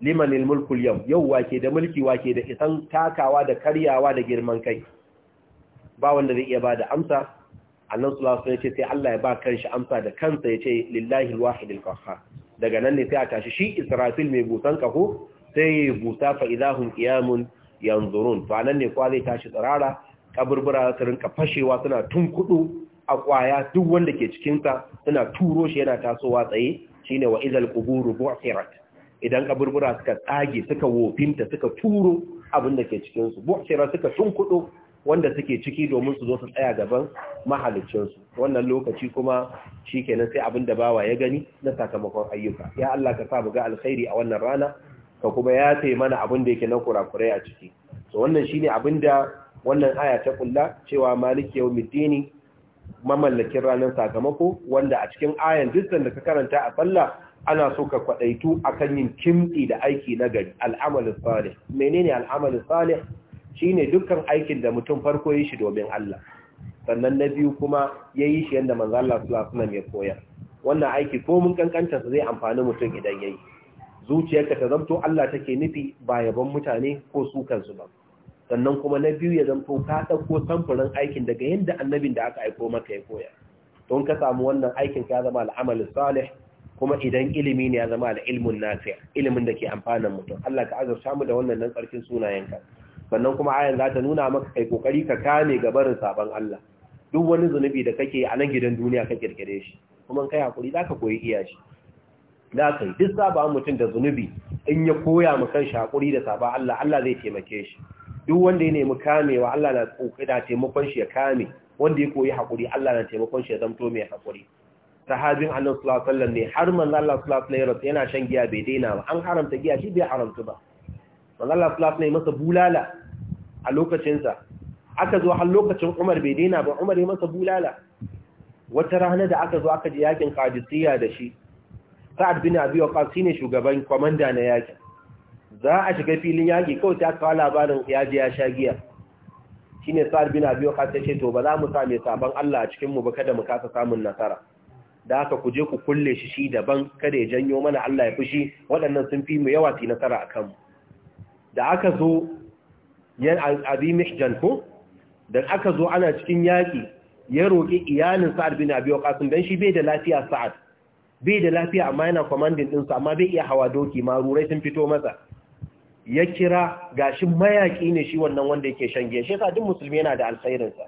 limanil mulkul yau yau wake da mulki wake da isan takawa da karyawa da girman kai ba wanda zai iya ba da amsa annan ya ce sai Allah ya ba kanshi amsa da kansa ya ce lillahi alwahidil qahhar daga nan ne sai a tashi shi israfil mai busan kahu? sai ya busa fa'idahun iyamun. yanzurun to anan ne kwa zai tashi tsirara kaburbura su rinka fashewa suna tunkudu a kwaya duk wanda ke cikinsa suna turo shi yana tasowa tsaye shine wa kuburu quburu bu'thirat idan kaburbura suka tsage suka wofinta suka turo abin da ke cikin su bu'thirat suka tunkudo wanda suke ciki domin su zo su tsaya gaban su wannan lokaci kuma shi kenan sai abin da bawa ya gani na sakamakon ayyuka ya Allah ka sa mu ga alkhairi a wannan rana ka kuma ya sai mana abin da yake na kurakurai a ciki so wannan shine abin da wannan aya ta kulla cewa maliki yawmiddini mamallakin ranar sakamako wanda a cikin ayan dukkan da ka karanta a sallah ana so ka kwadaitu akan yin kimtsi da aiki na gari al'amal salih menene al'amal salih shine dukkan aikin da mutum farko yi shi domin Allah sannan na biyu kuma yayi shi yanda manzo Allah sallallahu alaihi wasallam ya koyar wannan aiki ko mun kankanta zai amfani mutum idan yayi zuciyarka ta zamto Allah take nufi ba yaban mutane ko su kansu ba sannan kuma na biyu ya zamto ka ɗauko samfurin aikin daga yadda annabin da aka aiko maka ya koya don ka samu wannan aikin ka zama al'amalin salih kuma idan ilimi ne ya zama da al'ilmun nafiya ilimin da ke amfanin mutum Allah ka azurta mu da wannan nan tsarkin sunayenka sannan kuma ayan za ta nuna maka kai kokari ka kame ga barin sabon Allah duk wani zunubi da kake a nan gidan duniya ka kirkire shi kuma kai hakuri zaka koyi iya shi da kai duk saba mutum da zunubi in ya koya mu kan shakuri da saba Allah Allah zai taimake shi duk wanda ya nemi kamewa Allah na kokida taimakon shi ya kame wanda ya koyi hakuri Allah na taimakon shi ya zamto mai hakuri sahabin Annabi sallallahu alaihi wasallam ne har manzo Allah sallallahu alaihi wasallam yana shan giya bai daina ba an haramta giya shi bai haramta ba manzo Allah sallallahu alaihi masa bulala a lokacin sa aka zo har lokacin Umar bai daina ba Umar ya masa bulala wata rana da aka zo aka je yakin Qadisiyya da shi sa'ad bin abi waqas ne shugaban kwamanda na yaki za a shiga filin yaki kawai ta kawo labarin ya ya sha giya Shi ne sa'ad bin abi wa ya ce to ba za mu same sabon Allah a cikinmu ba kada mu kasa samun nasara da aka ku je ku kulle shi shi daban kada ya janyo mana Allah ya fushi waɗannan sun fi mu yawa ti nasara a kanmu da aka zo yan abi mihjan ko da aka zo ana cikin yaƙi ya roƙi iyalin sa'ad bin abi waqasim dan shi bai da lafiya sa'ad bai da lafiya amma yana commanding ɗinsu amma bai iya hawa doki ma rurai sun fito masa ya kira gashin mayaƙi ne shi wannan wanda yake shan giya shi duk musulmi yana da alkhairinsa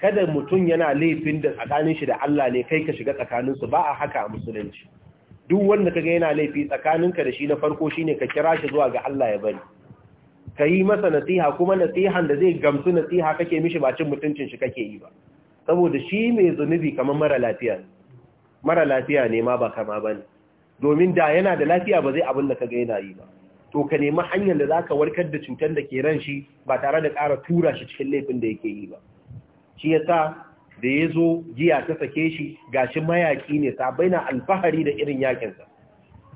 kada mutum yana laifin da tsakanin shi da Allah ne kai ka shiga tsakanin su ba a haka a musulunci duk wanda kaga yana laifi tsakanin ka da shi na farko shine ka kira shi zuwa ga Allah ya bari ka yi masa nasiha kuma nasihan da zai gamsu nasiha kake mishi ba cin mutuncin shi kake yi ba saboda shi mai zunubi kamar mara lafiya mara lafiya ne ma ba kama ba ne domin da yana da lafiya ba zai abin da ka ga yana yi ba to ka nemi hanyar da za ka warkar da cutar da ke ran shi ba tare da ƙara tura shi cikin laifin da yake yi ba shi ya sa da ya zo giya ta sake shi gashi mayaki ne sabai na alfahari da irin yakinsa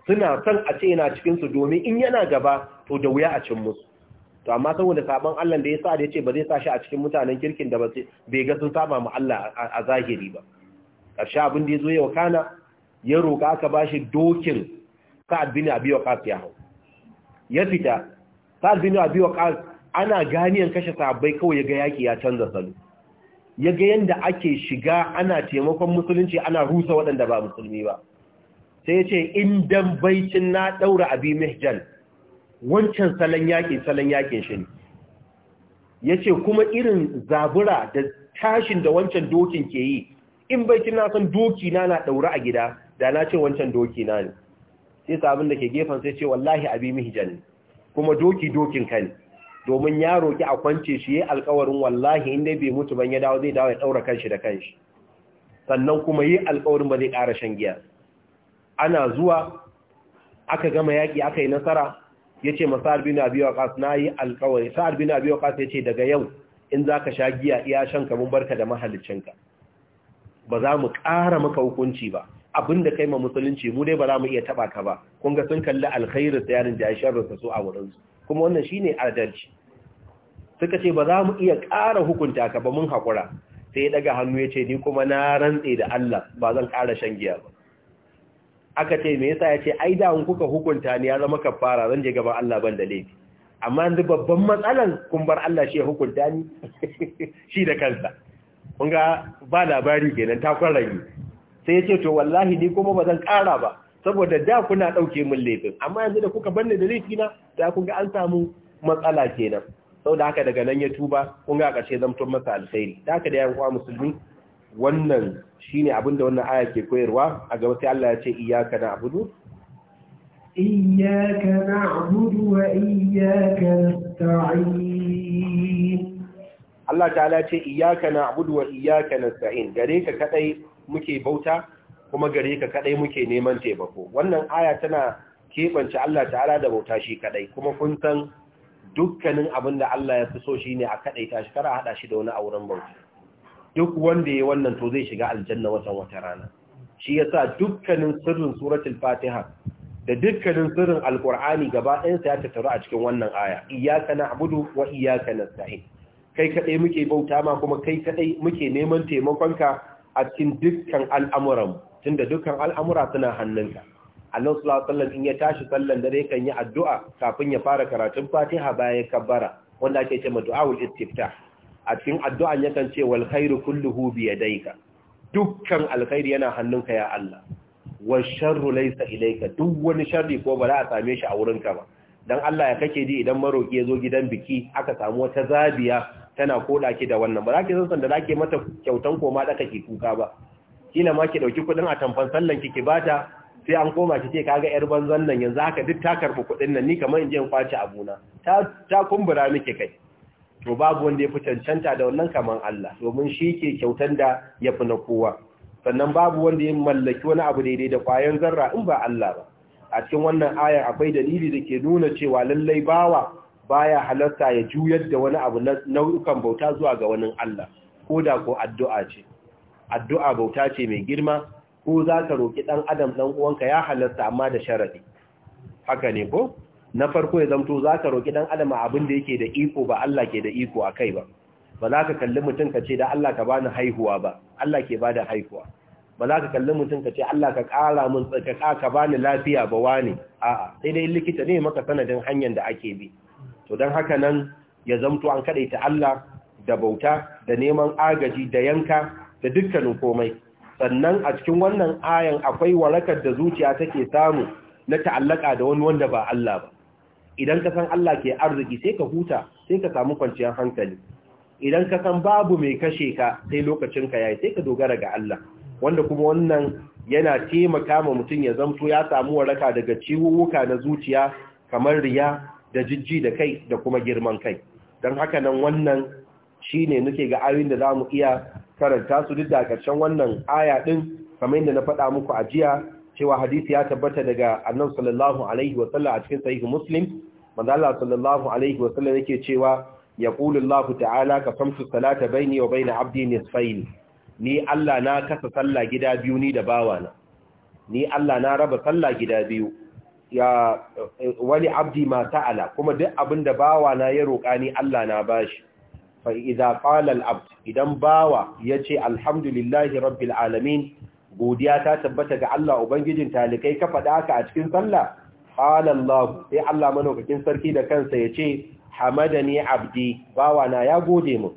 suna son a ce yana cikinsu domin in yana gaba to da wuya a cin musu to amma saboda sabon Allah da ya sa da ya ce ba zai sa shi a cikin mutanen kirkin da ba bai ga sun saba mu Allah a zahiri ba Karshe abin da ya zo yau kana ya roƙa aka ba shi dokin sa'ad a biyu waqas ya hau ya fita sa'ad a biyu waqas ana ganiyan kashe sabai kawai ya ga yaƙi ya canza salo ga yadda ake shiga ana taimakon musulunci ana rusa waɗanda ba musulmi ba sai ya ce in dan baicin na ɗaura abi mihjan wancan salon yaki salon yaƙin shi ne Ya ce kuma irin zabura da tashin da wancan dokin ke yi in bai kina san doki na na daura a gida da na ce wancan doki na ne sai sabin da ke gefen sai ce wallahi abi mihjan kuma doki dokin ka ne domin ya roki a kwance shi yayin alƙawarin wallahi in dai bai mutu ban ya dawo zai dawo ya daura kanshi da kanshi sannan kuma yi alƙawarin ba zai ƙara shan giya ana zuwa aka gama yaƙi aka yi nasara ya ce ma sa'ad bin abi waqas na yi alƙawari bin abi waqas ya ce daga yau in za ka sha giya iya shan ka mun barka da ka ba za mu ƙara maka hukunci ba abin da kai ma musulunci mu dai ba za mu iya taɓa ka ba kun ga sun kalli alkhairu da yarin da sharrinsa su a wurinsu kuma wannan shi ne adalci suka ce ba za mu iya ƙara hukunta ka ba mun haƙura sai ya daga hannu ya ce ni kuma na rantse da Allah ba zan ƙara shan giya ba aka ce me yasa ya ce ai da kuka hukunta ni ya zama kafara zan je gaban Allah ban da laifi amma yanzu babban matsalan kun bar Allah shi ya hukunta ni shi da kansa Kunga ba labari kenan ta sai yace to wallahi ni kuma ba zan ƙara ba saboda da kuna dauke min laifin amma yanzu da kuka banne da laifina da kun an samu matsala kenan sau haka daga nan ya tuba kunga kace ƙarshe masa alkhairi da haka da yan musulmi wannan shine abin da wannan aya ke koyarwa a gaba sai Allah ya ce iyyaka na'budu iyyaka na'budu wa iyyaka nasta'in Allah ta'ala ce iyyaka na'budu wa iyyaka nasta'in gare ka kadai muke bauta kuma gare ka kadai muke neman taimako wannan aya tana kebance Allah ta'ala da bauta shi kadai kuma kun san dukkanin abin da Allah ya fi so shine a kadai ta shi hada shi da wani auren bauta duk wanda yayi wannan to zai shiga aljanna watan wata rana shi yasa dukkanin sirrin suratul fatiha da dukkanin sirrin alqur'ani gaba ɗayan sa ya tattaru a cikin wannan aya iyyaka na'budu wa iyyaka nasta'in kai kaɗai muke bauta ma kuma kai kaɗai muke neman taimakonka a cikin dukkan al'amuran tunda dukkan al'amura suna hannunka Allah sallallahu alaihi wasallam in ya tashi sallan dare kan yi addu'a kafin ya fara karatun Fatiha bayan kabbara wanda ake cewa du'aul istiftah a cikin addu'an yakan ce wal khairu kulluhu bi yadayka dukkan alkhairi yana hannunka ya Allah wa sharru laysa ilayka duk wani sharri ko ba za a same shi a wurinka ba dan Allah ya kake ji idan maroki ya zo gidan biki aka samu wata zabiya tana koda ki da wannan ba za ki san da za ki mata kyautan koma ka ke kuka ba kila ma ki dauki kudin a tamfan sallan ki ki bata sai an koma ki ce kaga yar banzan nan yanzu haka duk ta karbi kudin nan ni kamar in je in kwace abuna ta ta kumbura miki kai to babu wanda ya fi cancanta da wannan kaman Allah domin shi ke kyautan da ya fi na kowa sannan babu wanda ya mallaki wani abu daidai da kwayan zarra in ba Allah ba a cikin wannan ayar akwai dalili da ke nuna cewa lallai bawa baya halarta ya juyar da wani abu na nau'ukan bauta zuwa ga wani Allah ko da ko addu'a ce addu'a bauta ce mai girma ko za ka roƙi ɗan adam ɗan uwanka ya halarta amma da sharaɗi haka ne ko na farko ya zamto za ka roƙi ɗan adam abin da yake da iko ba Allah ke da iko a kai ba ba za ka kalli mutum ka ce da Allah ka bani haihuwa ba Allah ke bada haihuwa ba za ka kalli mutum ka ce Allah ka ƙara mun tsaka ka bani lafiya ba wani a'a sai dai likita ne maka sanadin hanyar da ake bi to don haka nan ya zamto an kaɗaita Allah da bauta da neman agaji da yanka da dukkanin komai sannan a cikin wannan ayan akwai warakar da zuciya take samu na ta'allaka da wani wanda ba Allah ba idan ka san Allah ke arziki sai ka huta sai ka samu kwanciyar hankali idan ka san babu mai kashe ka sai lokacin ka yayi sai ka dogara ga Allah wanda kuma wannan yana taimaka ma mutum ya zamto ya samu waraka daga ciwuwuka na zuciya kamar riya da jijji da kai da kuma girman kai don haka nan wannan shi ne nuke ga abin da za mu iya karanta su duk da ƙarshen wannan aya ɗin kamar yadda na faɗa muku a jiya cewa hadisi ya tabbata daga annan sallallahu alaihi wasallam a cikin sahihu muslim manzo Allah sallallahu alaihi wasallam yake cewa yaqulu Allah ta'ala ka samsu salata baini wa baina abdi nisfaini ni Allah na kasa sallah gida biyu ni da bawana ni Allah na raba sallah gida biyu ya wani abdi ma ta'ala kuma duk abin da bawa na ya roƙa ni Allah na bashi fa idza qala al-abd idan bawa yace alhamdulillahi rabbil alamin godiya ta tabbata ga Allah ubangijin talikai ka faɗa haka a cikin sallah qala Allah sai Allah manaukakin sarki da kansa yace hamadani abdi bawa na ya gode mu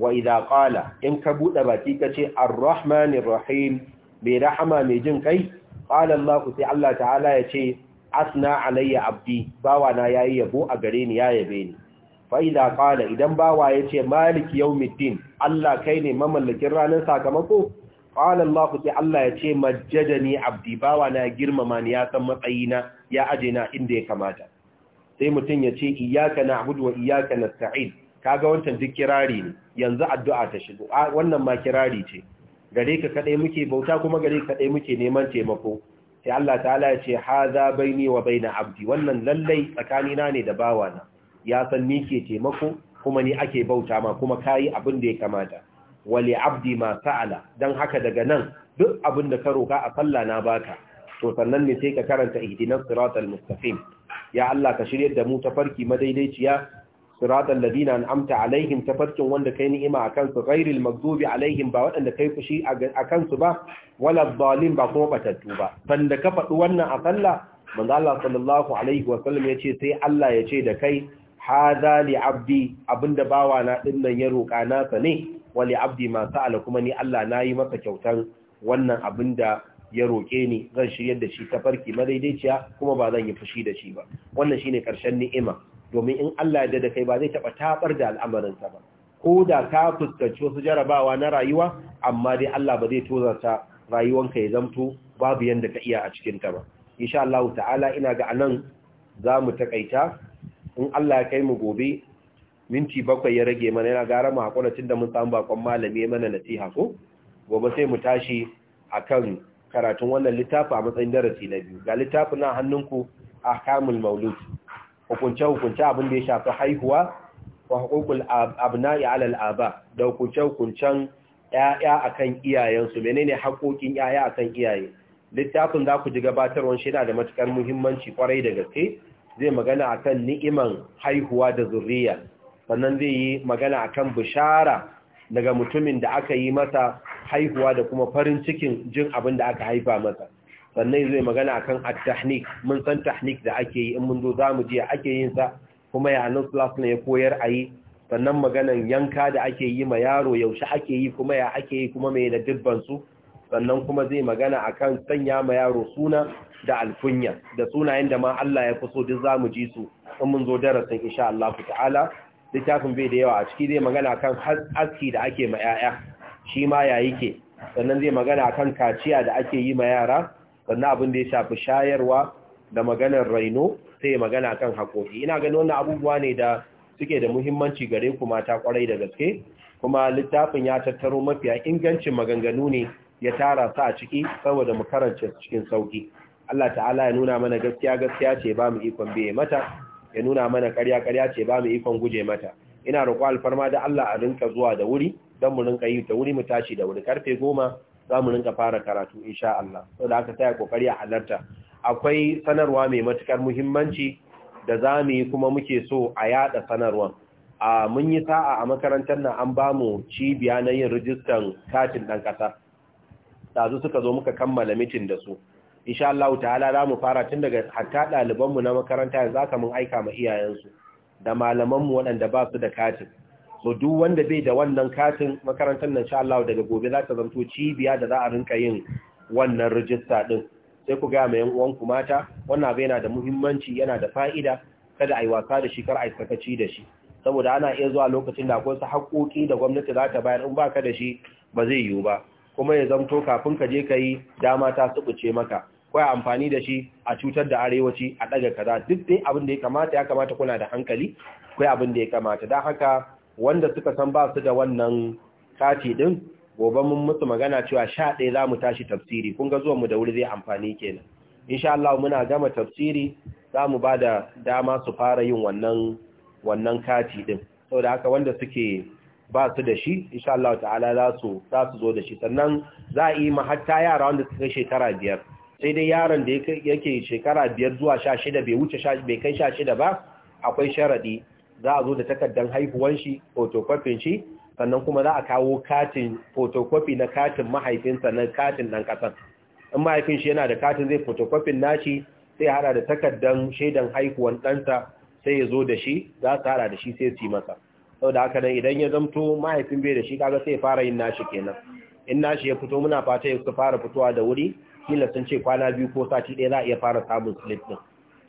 wa idza qala in ka bude baki kace ar-rahmanir rahim bi rahama mai jin kai qala Allah sai Allah ta'ala yace asna alayya abdi bawa na yayi yabo a gare ni ya yabe ni fa idza qala idan bawa yace malik yawmiddin Allah kai ne mamallakin ranar sakamako qala Allah ce Allah yace majjadani abdi bawa na girmama ni ya san matsayi na ya aje na inda ya kamata sai mutun yace iyyaka na'budu wa iyyaka nasta'in kaga wancan duk kirari ne yanzu addu'a ta shigo wannan ma kirari ce gare ka kadai muke bauta kuma gare ka kadai muke neman taimako sai Allah ta'ala ya ce haza ni wa baina abdi wannan lallai tsakanina ne da bawana ya san ni ke taimako kuma ni ake bauta ma kuma kayi abin da ya kamata wali abdi ma sa'ala dan haka daga nan duk abin da ka roka a sallah na baka to sannan ne sai ka karanta ihdinas siratal mustaqim ya Allah ka shiryar da mu ta farki madaidaiciya siratal ladina an'amta alaihim tafarkin wanda kai ni'ima akan su ghairil maghdubi alaihim ba wadanda kai fushi akan su ba wala zalim ba kuma batattu ba banda ka faɗi wannan a sallah manzo Allah sallallahu alaihi wa sallam yace sai Allah ya ce da kai hadha li abdi abinda bawa na dinnan ya roka nasa ne Wani abdi ma sa'ala kuma ni Allah nayi masa kyautan wannan abinda ya roƙe ni zan shiryar da shi tafarki madaidaiciya kuma ba zan yi fushi da shi ba wannan shine ƙarshen ni'ima domin in Allah ya da kai ba zai taɓa taɓar da al'amarinsa ba ko da ka fuskanci wasu jarabawa na rayuwa amma dai Allah ba zai tozarta rayuwanka ya zamto babu yadda ka iya a cikin ta ba insha Allah ta'ala ina ga anan za mu takaita in Allah ya kai mu gobe minti bakwai ya rage mana yana gara mu hakura tunda mun samu bakon malami mana nasiha ko gobe sai mu tashi akan karatun wannan littafi a matsayin darasi na biyu ga littafin na hannunku ahkamul maulud hukunce-hukunce abin da ya shafi haihuwa wa hukukul abna'i alal aba da hukunce-hukuncen ‘ya'ya a kan iyayensu menene haƙoƙin ‘ya'ya a kan iyaye littafin za ku ji gabatarwar shi yana da matuƙar muhimmanci kwarai da gaske zai magana a kan ni'iman haihuwa da zurriya sannan zai yi magana a kan bishara daga mutumin da aka yi masa haihuwa da kuma farin cikin jin abin da aka haifa masa sannan zai magana akan at-tahnik mun san tahnik da ake yi in mun zo zamu je ake yin sa kuma ya annabi sallallahu alaihi ya koyar a yi sannan maganan yanka da ake yi ma yaro yaushe ake yi kuma ya ake yi kuma mai da dibban su sannan kuma zai magana akan sanya ma yaro suna da alkunya da sunayen da ma Allah ya fi so duk zamu ji su in mun zo darasin insha Allah ta'ala littafin bai da yawa a ciki zai magana kan aski da ake ma yaya shi ma ya yake sannan zai magana akan kaciya da ake yi ma yara sannan abin da ya shafi shayarwa da maganar raino sai magana kan haƙoƙi ina ganin wannan abubuwa ne da suke da muhimmanci gare ku mata kwarai da gaske kuma littafin ya tattaro mafiya ingancin maganganu ne ya tara sa a ciki saboda mu karanta cikin sauki Allah ta'ala ya nuna mana gaskiya gaskiya ce ba mu ikon biye mata ya nuna mana ƙarya ƙarya ce ba mu ikon guje mata ina roƙo alfarma da Allah a rinka zuwa da wuri don mu rinka yi ta wuri mu tashi da wuri karfe goma za mu rinka fara karatu insha Allah sau da aka taya kokari a halarta akwai sanarwa mai matukar muhimmanci da za mu yi kuma muke so a yada sanarwa a mun yi sa'a a makarantar nan an ba mu cibiya na yin rijistan katin ɗan ƙasa su suka zo muka kammala mitin da su insha Allah ta'ala za mu fara tun daga hatta mu na makaranta yanzu aka mun aika ma iyayensu da malaman mu waɗanda ba su da katin to duk wanda bai da wannan katin makarantar nan sha Allah daga gobe za ta zanto cibiya da za a rinka yin wannan rijista din sai ku ga mai yan ku mata wannan abu yana da muhimmanci yana da fa'ida kada a yi wasa da shi kar ai sakaci da shi saboda ana iya zuwa lokacin da akwai su haƙoƙi da gwamnati za ta bayar in ba ka da shi ba zai yiwu ba kuma ya zamto kafin ka je ka yi dama ta subuce maka ko amfani da shi a cutar da arewaci a ɗaga kaza duk dai abin da ya kamata ya kamata kuna da hankali ko abin da ya kamata don haka wanda suka san ba su da wannan kati din gobe mun musu magana cewa sha ɗaya za mu tashi tafsiri kun ga mu da wuri zai amfani kenan insha Allah muna gama tafsiri za mu ba da dama su fara yin wannan wannan kati din saboda haka wanda suke ba su da shi insha Allah ta'ala za su za su zo da shi sannan za a yi ma hatta yara wanda suka shekara biyar sai dai yaron da yake shekara biyar zuwa sha shida bai wuce bai kai sha shida ba akwai sharadi za a zo da takardar haihuwan shi fotokofin shi sannan kuma za a kawo katin photocopy na katin mahaifinsa na katin dan kasan in mahaifin shi yana da katin zai photocopy nashi sai hada da takardar shaidan haihuwan ɗansa sai ya zo da shi za su hada da shi sai su yi masa saboda da haka nan idan ya zamto mahaifin bai da shi kaga sai ya fara yin nashi kenan in nashi ya fito muna fata ya fara fitowa da wuri kila sun ce kwana biyu ko sati ɗaya za a iya fara samun slip ɗin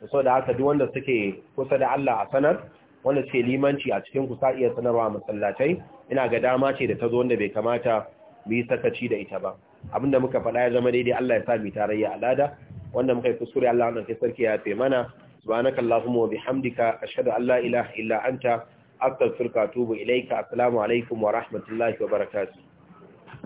saboda da haka duk wanda suke kusa da Allah a sanar wanda ce limanci a cikin ku sa iya sanarwa masallatai ina ga dama ce da ta zo wanda bai kamata mu yi sakaci da ita ba abinda muka faɗa ya zama daidai Allah ya sa mu tarayya alada wanda muka yi kuskure Allah wannan kai sarki ya fe mana subhanaka allahumma wa bihamdika ashhadu an la ilaha illa anta astaghfiruka wa atubu ilaika assalamu alaikum wa rahmatullahi wa barakatuh